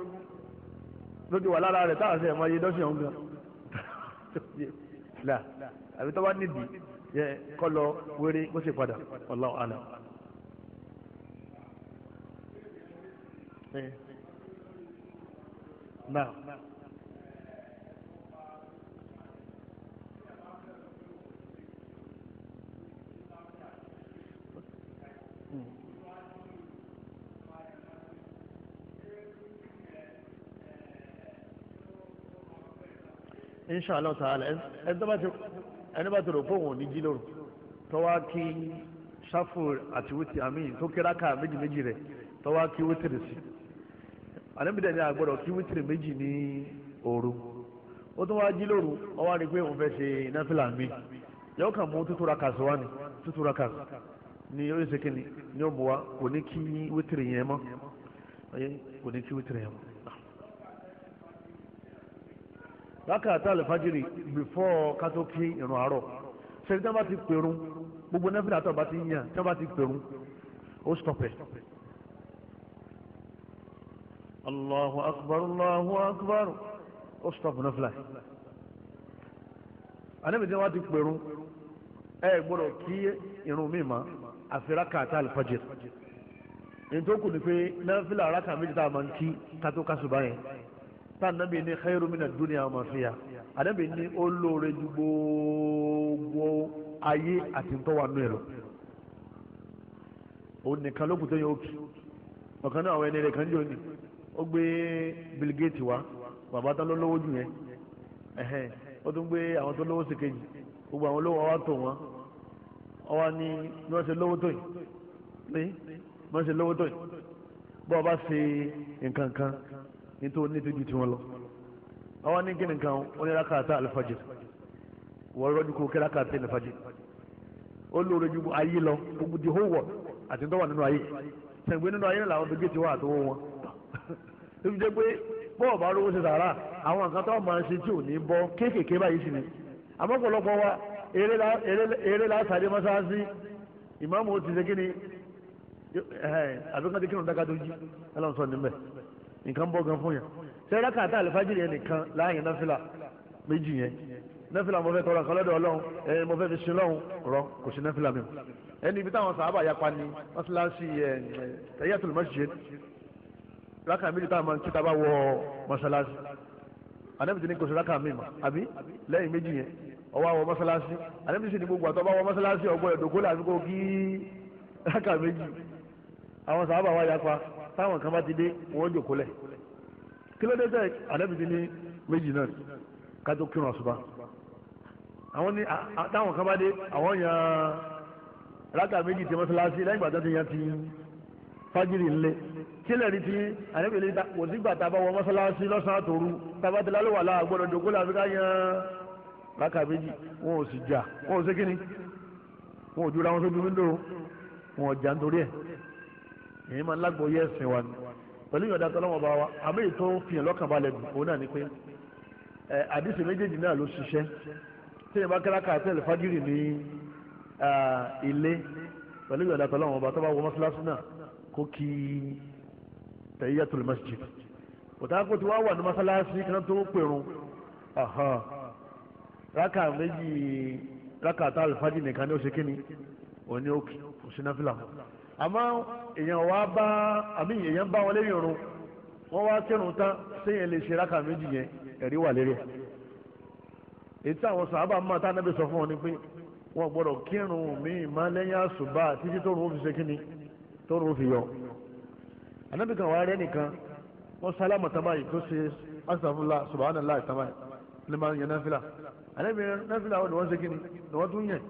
ló àbí tó bá nídìí kọ́ lọ wéré kó sì padà wallahu alam. náà inshallah ta'ala ẹ ẹ dọ́bà ti. ẹni bá tòrò fóun ò ní jí lóru tọ́wá kí àti wítì àmì tó kíra ká méjì méjì rẹ̀ tọ́wá sí ni àgbọ̀dọ̀ kí wítìrì méjì ní òru ó tún wá jí lóru ó wá rí pé òun fẹ́ ṣe náfìlà mi yóò kàn mú tútúra kàṣọ wá ni tútúra kàṣọ ni ó ni rákàtà àlùfájìrì before kátó kí àárọ̀ ṣe tí wọ́n ti pèrún gbogbo na tó bá ti yàn tí wọ́n bá ti pèrún ó stop Allahu akbar Allahu akbar ó stop nẹ́fìlà. àníbi tí wọ́n ti pèrún ẹ gbọ́dọ̀ kí ìrun mi ma àfi rákàtà àlùfájìrì. ètò kù ni pé nẹ́fìlà rákà méjì tá a máa ń tánàbí ní khairu mina dunya ma fiha ànábì ní ó lóore ju gbogbo ayé àti ntọ́wà nù ẹ̀rọ òun nìkan ló kù tó yẹ ó kì ọ̀kan náà àwọn ẹni rẹ̀ kan jọ ni ó gbé Bill Gates wá bàbá tán ló lówó jù ẹ̀hẹ́n ó tún gbé àwọn tó lówó sí gbogbo àwọn olówó wa tó wọn ọwọ́ ni bí wọ́n ṣe lówó tó yìí bí wọ́n ṣe lówó tó yìí bọ́ bá ṣe nǹkan kan nítorí nítorí tí wọ́n lọ àwọn ní kí nìkan ó ní rákàtà alifajir wọ́n rọ́jú kó kí rákàtà alifajir ó lóore ju ayé lọ gbogbo di whole world àti tó wà nínú ayé sẹ̀gbẹ́ nínú ayé làwọn tó gé ti wá àtọwọ́ wọn tó fi jẹ́ pé bọ́ọ̀ bá rówó ṣe sàrà àwọn nǹkan tó máa ń ṣe tí ò ní bọ́ kéékèèké báyìí sì ni àmọ́ wa eré lásàdé mọ́sáàsì ìmáàmù ó ti ṣe kí ni àbíkán ti kírun dákàdójì ẹ lọ́n sọ níbẹ̀ nǹkan bọ́ gan fún yẹn sẹ́yìn rákàtà àlùfájìrì yẹn nìkan láàyè náfìlà méjì yẹn náfìlà mo fẹ́ tọrọ nǹkan lọ́dọ̀ ọlọ́run ẹ mo fẹ́ fi sin lọ́hùn rọ kò sí náfìlà mi ẹni ibi táwọn sàábà yapa ni mọ́sálásí ẹ tahiyatul masjid rákà méjì táwọn máa ń kíta bá wọ mọ́sálásí anábìtì ní kò sí rákà míì mà àbí lẹ́yìn méjì yẹn ọwọ́ àwọ̀ mọ́sálásí anábìtì sì ní gbogbo àtọ́ bá wọ mọ́sálásí ọgbọ́n ẹ̀dọ́gbọ́lá àfikún kí rákà méjì àwọn sàábà wá yapa táwọn kan bá ti dé wọ́n jòkó lẹ̀ kí ló dé tẹ́ àdẹ́bìtì ní méjì náà kátó kírun àṣùbà àwọn ní táwọn kan bá dé àwọn yan rákà méjì tí mọ́sálásí lẹ́yìn ìgbà tó ti yan ti fájìrì ńlẹ̀ kílẹ̀ ní ti àdẹ́bìtì kò sígbà tá a bá wọ mọ́sálásí lọ́sàn-án àtòru tá ti lálẹ́ wà láà gbọ́dọ̀ jòkó làbí ká yan rákà méjì wọn ò sì jà wọn ò sí kíni wọn ò jura wọn sójú wíńdò wọn ò jà nítorí ẹ̀ èyí máa ń lágbóyè ẹ̀sìn wa ni pẹ̀lú ìyọ̀dá tọ́lọ́wọ́n bá wa àmì ètò fìyàn lọ́kànbalẹ̀ òun náà ni pé ẹ àdìsí méjèèjì náà ló ṣiṣẹ́ tí ìyẹn bá kẹ́lákà àti ẹ̀lẹ́fàgìrì ní ilé pẹ̀lú ìyọ̀dá tọ́lọ́wọ́n bá tó bá wọ mọ́ṣáláṣí náà kó kí tahiyatul masjid òtàkùn tí wọ́n wà ní mọ́ṣáláṣí kí wọ́n tó pèrún rákà méjì rákà àmọ́ èèyàn wá bá àmì èèyàn bá wọn lẹ́yìn irun wọ́n wá kírun tán séèyàn lè ṣe rákà méjì yẹn ẹ̀rí wà lérí ẹ̀ èyí tí àwọn sàábà máa tá anábì sọ fún wọn ni pé wọn gbọ́dọ̀ kírun míì máa lẹ́yìn àṣùbà títí tó rùn ó fi ṣe kíni tó rùn ó fi yọ anábì kan wàá rẹ nìkan wọn sálámà tábàyì tó ṣe asàfúnla subhanallah tábàyì lè máa yẹn náfìlà anábì náfìlà wọn ni wọn ṣe kíni ni wọn tún yẹn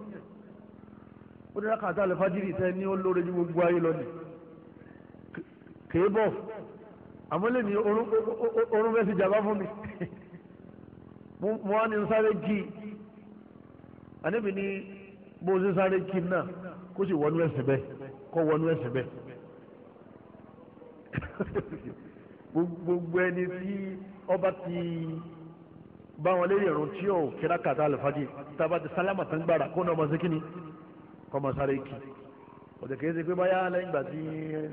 ó ní rákà àtàlẹ́ fájírì tẹ́ ní ó lóore ju gbogbo ayé lọ ní kèébọ̀ àmọ́ lè ní orun fẹ́ sí jàmbá fún mi mo wá ní n sáré kí àníbi ní bó ṣe sáré kí náà kó sì wọnú ẹsẹ̀ bẹ́ẹ̀ kó wọnú ẹsẹ̀ bẹ́ẹ̀ gbogbo ẹni tí ọba ti bá wọn lé ìrùn tí ò kíráka àtàlẹ́ fájírì tábà ti sálámà tán gbára kó náà ọmọ sí kínní kọ́mọ sáré kì ọ̀dẹ̀ kìí ṣe pé báyà lẹ́yìn ìgbà tí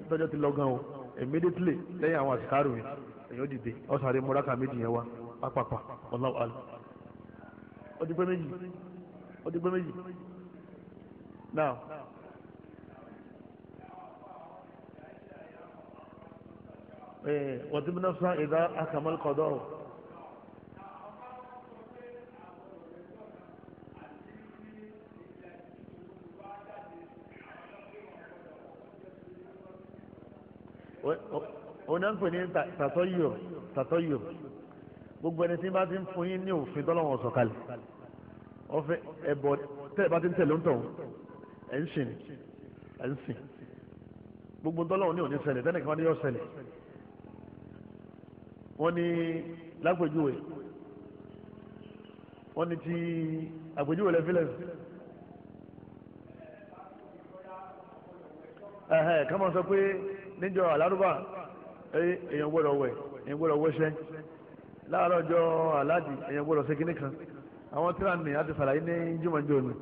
tọ́jọ́ ti lọ gan o immediately lẹ́yìn àwọn àṣìkárò yẹn èyàn dìde ọ sáré mú rákà méjì yẹn wá pápápá wallahu alam ó ti méjì ó ti méjì now. wọ́n ti bí náà sọ ìdá akamal qada. òun náà ń pè ní tàtọ́yò tàtọ́yò gbogbo ẹni tí bá ti ń fún yín ní òfin tọ́lọ́wọ̀n sọ̀kalẹ̀ ọ̀fẹ́ ẹ̀bọ̀ tẹ́ ẹ bá ti ń tẹ̀lé ń tọ̀ ẹ̀ ń sìn ẹ̀ ń sìn gbogbo tọ́lọ́wọ̀n ní òní ṣẹlẹ̀ tẹ́nìkan ní yọ ṣẹlẹ̀ wọ́n ní lápèjúwe wọ́n ní ti ẹ̀hẹ́ ká máa sọ pé níjọ àlárúbà èèyàn gbọ́dọ̀ wẹ̀ èèyàn gbọ́dọ̀ wẹṣẹ́ láàárọ̀ ọjọ́ àládì èèyàn gbọ́dọ̀ ṣe kínní kan àwọn tíra nì á ti sàlàyé ní jùmọ̀jọ ni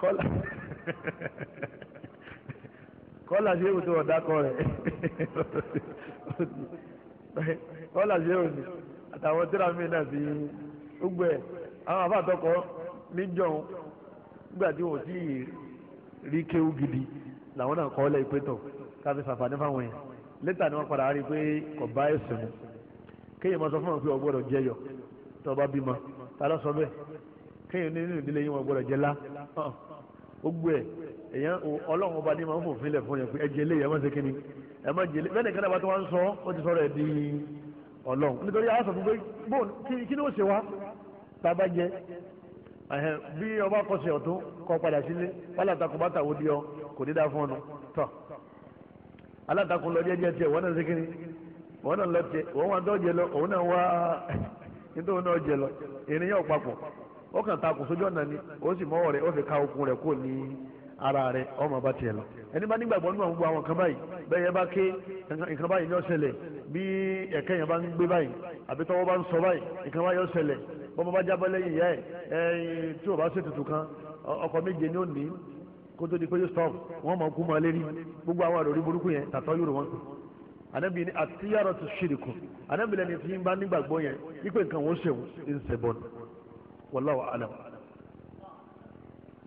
kọ́là kọ́là ṣe èwùtò ọ̀dà kọ́ rẹ̀ kọ́là ṣe èwùtò àtàwọn tíra mi náà ti gbogbo ẹ̀ àwọn àfàtọ́kọ níjọ́ nígbà tí wọn ò tí ì rí kéwú gidi làwọn náà kọ́ lẹ́yìn pé tọ̀ káfí sàǹfààní fáwọn yẹn lẹ́tà ni wọ́n padà rí i pé kò bá ẹ̀sìn mu kéèyàn máa sọ fún wọn pé ọgbọ́dọ̀ jẹyọ tó bá bímọ ta ló sọ bẹ́ẹ̀ kéèyàn nínú ìdílé yín wọn gbọ́dọ̀ jẹlá gbogbo ẹ̀ èèyàn ọlọ́run ọba ní ma ń fòfin lẹ̀ fún yẹn pé ẹ jẹ léyìn ẹ di ọlọ́run nítorí àwọn sọ fún pé bóun kí ni bí ọba kọsẹ̀ ọ̀tún kọ padà sílé alátakùn bá tàwọn di ọ kò ní dáa fún ọnu tọ alátakùn lọ jẹ́jẹ́ tiẹ̀ wọ́n náà sékiri wọ́n náà lọ wọ́n wá lọ òun náà wá nítorí náà jẹ lọ ènìyàn papọ̀ takùn sójú ọ̀nà ni ó sì ó fi ka okun rẹ̀ kò ní ara rẹ̀ ọmọ bá tiẹ̀ lọ. ẹni bá nígbàgbọ́ nínú àwọn gbogbo àwọn kan báyìí bẹ́ẹ̀ yẹn bá ké nǹkan báyìí yọ ṣẹlẹ̀ bí ẹ̀kẹ́ yẹn bá ń gbé báyìí àbí tọ́wọ́ bá ń sọ báyìí nǹkan báyìí yọ ṣẹlẹ̀ bọ́mọ bá jábọ́ lẹ́yìn ìyá ẹ̀ ẹ̀yìn tí ò bá ṣe tutù kan ọkọ̀ méje ni ó ní kó tó di pé yóò stop wọ́n mọ̀ kú mọ́ lérí gbogbo àwọn àròrí burúkú yẹn tàtọ́ yóò rò wọ́n anabi ni atiyarọ ti ṣirikù anabi lẹni tí ń bá nígbàgbọ́ yẹn wípé nǹkan wọn ṣe ń ṣe bọ́ọ̀nù wallahu alam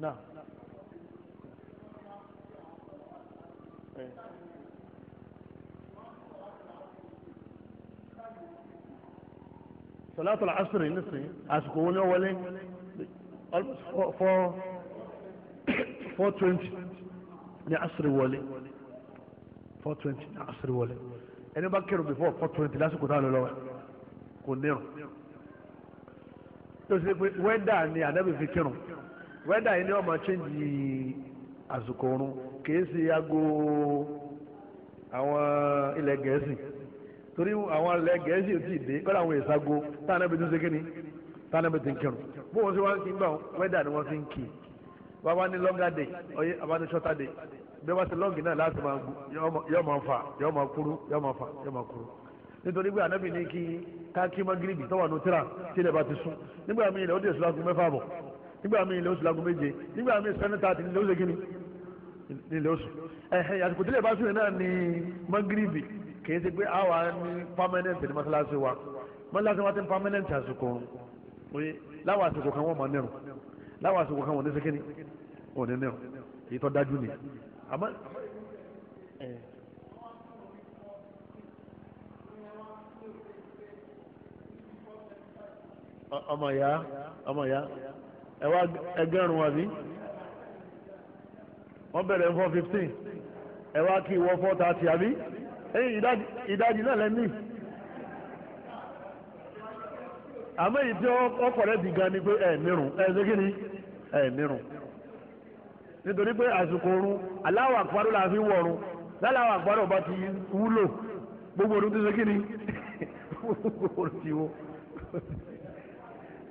náà. sọlátọ̀lá asùrì nísìnyí àsìkò wo ni ó wọlé almost four four twenty ní asùrì wọlé four twenty ní asùrì wọlé ẹni bá kẹrù before four twenty lásìkò náà lọ́wọ́ kò nírun tó ṣe pé wẹ́dà ni ànábì fi kírun wẹ́dà yìí ni wọ́n máa change àsìkò oorun kì í ṣe aago àwọn ilẹ̀ gẹ̀ẹ́sì torí àwọn alẹ́ gẹ̀ẹ́sì ò tí ì dé kọ́dà àwọn ìsago táwọn ẹbí tó ṣe kíni táwọn ẹbí tó ń kírun bó wọn ṣe wá kí n gbà wẹ́dà ni wọ́n fi ń kì í bàbá ní longer day ọyẹ bàbá ní shorter day bí wọ́n ti lọ́ọ̀gì náà láti máa yọ máa fà yọ máa kúrú yọ máa fà yọ máa kúrú nítorí pé ànábì ní kí káàkiri magiribi tó wà ní tíra tílẹ̀ bá ti sún nígbà míì ilẹ̀ ó dé sùlágùn mẹ́fà bọ̀ nígbà míì ilẹ̀ ó sùlágùn méje nígbà míì sẹ́nitá ti nílẹ̀ ó ṣe kíni nílẹ̀ ó sùn ẹ̀hẹ́n àsìkò tílẹ̀ bá sùn náà ní magiribi kìí ṣe pé àwa ní permanent ní mọ́ṣáláṣí wa mọ́ṣáláṣí wa ti ń permanent àsìkò oye láwọn àsìkò kan wọ́n mọ̀ nírun láwọn àsìkò kan wọ́n ní sẹ́kẹ́ni wọ́n ní nírun èyí tó dájú ni àmọ́ ọmọ ìyá ọmọ ìyá ẹwà ẹgbẹ̀rún wa bí wọ́n bẹ̀rẹ̀ four fifteen ẹwà kí wọ́n four thirty àbí ẹ̀yin ìdajì náà lẹ́ni àmọ́ èyí tí ọkọ̀ rẹ̀ di gan ni pé ẹ̀ mírun ẹ̀ ṣe kí ni ẹ̀ mírun nítorí pé àsìkò oorun aláwọ̀ àpárò la fi wọ̀run láláwọ̀ àpárò bá ti wúlò gbogbo oorun ti ṣe kí ni gbogbo oorun ti wo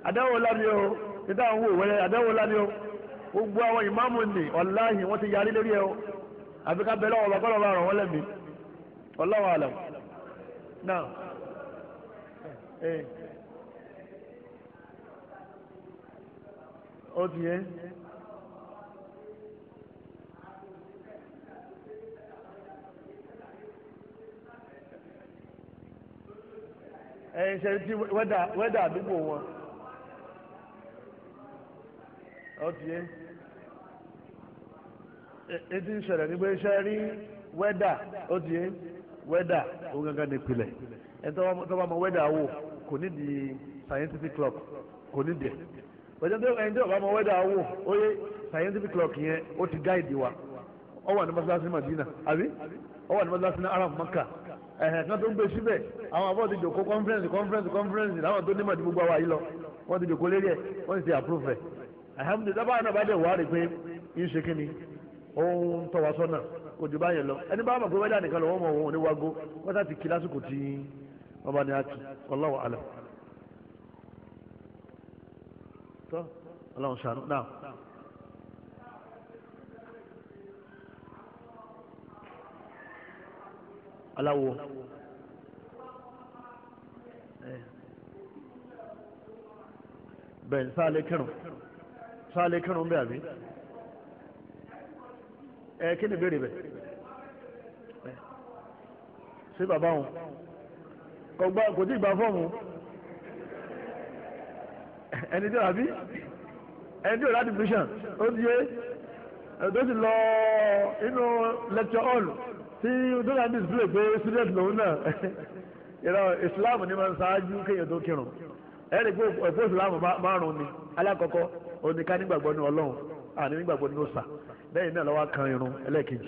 adáwọ̀ lábẹ́ o títà àwọn wò wẹ́rẹ́ adáwọ̀ lábẹ́ o gbogbo àwọn ìmáàmù ni ọ̀láhìn wọ́n ti yarí lórí ẹ o àfi ká bẹ̀rẹ̀ ọ̀rọ̀ kọ́lọ̀ bá rọ̀ wọ́n lẹ́mìí. wallahu alam náà eh, eh. ó ti yẹn. ẹ̀yìn ṣe ti wẹ́dà àdúgbò wọn ọtí etí ń ṣẹlẹ̀ nígbà iṣẹ́ rí wẹ́dà ọtí weather òun gangan ní ìpìlẹ̀ ẹni tó bá mọ di scientific clock kò ní di ẹ̀ ẹni tó bá mọ scientific clock yẹn ó ti guide wa ó wà ní mọ́sálásí Madina àbí Maka ẹ̀hẹ̀ kan tó ń gbé síbẹ̀ àwọn ti jòkó conference conference conference làwọn tó ní gbogbo lọ ti jòkó lérí ti approve alhamdulilayi dábàá náà bá pé yín ṣe kí ni kò jù báyẹn lọ ẹni bá mọ̀ pé wẹ́dà nìkan lọ́wọ́ mọ̀ òun ní wago wọ́n sá ti kí lásìkò tí wọ́n bá ní àkì Allahu alam. tọ́ ọlọ́run ṣàánú náà. aláwo eh. bẹ́ẹ̀ sáà lè kírun sáà lè kírun bẹ́ẹ̀ àbí ẹ kí ni béèrè bẹ ṣé bàbá wọn kò gba kò tí ì gba fọ́ọ̀mù ẹni tí o àbí ẹni tí o láti bíṣàn ó ti yé tó ti lọ inú lecture hall tí tó náà display pé student lòun náà ìrọ islam ni máa ń ṣáájú kéèyàn tó kírun ẹni pé òpó islam márùn ni alákọ̀ọ́kọ́ oníkanígbàgbọ́ ní ọlọ́run àní ah, nígbàgbọ́ nínú sà lẹ́yìn náà lọ́wọ́ kan irun ẹlẹ́ẹ̀kejì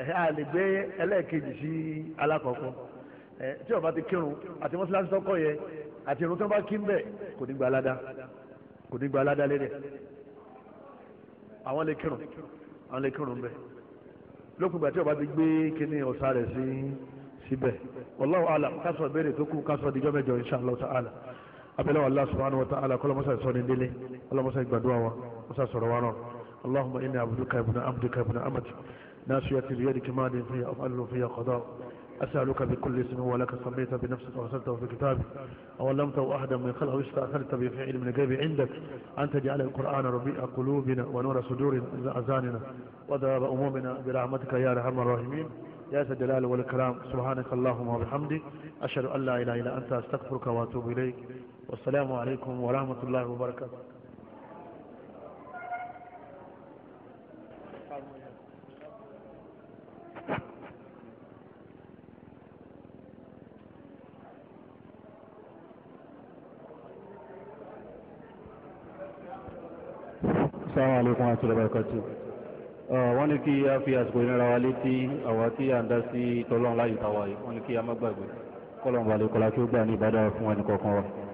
ẹ̀hẹ́ a lè gbé ẹlẹ́ẹ̀kejì sí alákọ̀ọ́kọ́ ẹ̀ tí ó bá ti kírun àti mọ́sálásí tọ́kọ̀ yẹ àti irun tó bá kí ń bẹ̀ kò ní gba aládá kò ní gba aládá lérè àwọn lè kírun àwọn lè kírun bẹ̀ lókun ìgbà tí ó bá ti gbé kíní ọ̀sá rẹ̀ sí síbẹ̀ wallahu alam kásọ̀ ìbéèrè tó kù kásọ̀ ìdíjọ́ mẹ́jọ insha Allah abẹ́lẹ́wà الله subhanahu wa ta'ala kọ́lọ́mọ́sá sọ́ni délé kọ́lọ́mọ́sá gbàdúrà wa mọ́sá sọ̀rọ̀ اللهم إني عبدك ابن عبدك ابن أمتك يأتي بيدك دين فيها أفعل فيها قضاء أسألك بكل اسم هو لك سميت بنفسك وأرسلته في كتابك أو لم تو أحدا من خلقه استأثرت به في علم عندك أن تجعل القرآن ربيع قلوبنا ونور صدورنا أذاننا وذهب أمومنا برحمتك يا أرحم الراحمين يا ذا الجلال والكرام سبحانك اللهم وبحمدك أشهد أن لا إله إلا أنت أستغفرك وأتوب إليك والسلام عليكم ورحمة الله وبركاته السلام عليكم ورحمة الله وبركاته wọ́n ní kí a fi àsìkò ìnira wa létí àwa tí a ń dá sí tọ́lọ́run láyé tàwa yìí wọ́n ní kí a má gbàgbé kọ́lọ́run balẹ̀ kọ́lá kí ó gbà ní ìbádá fún ẹnì kọ̀ọ̀kan wa.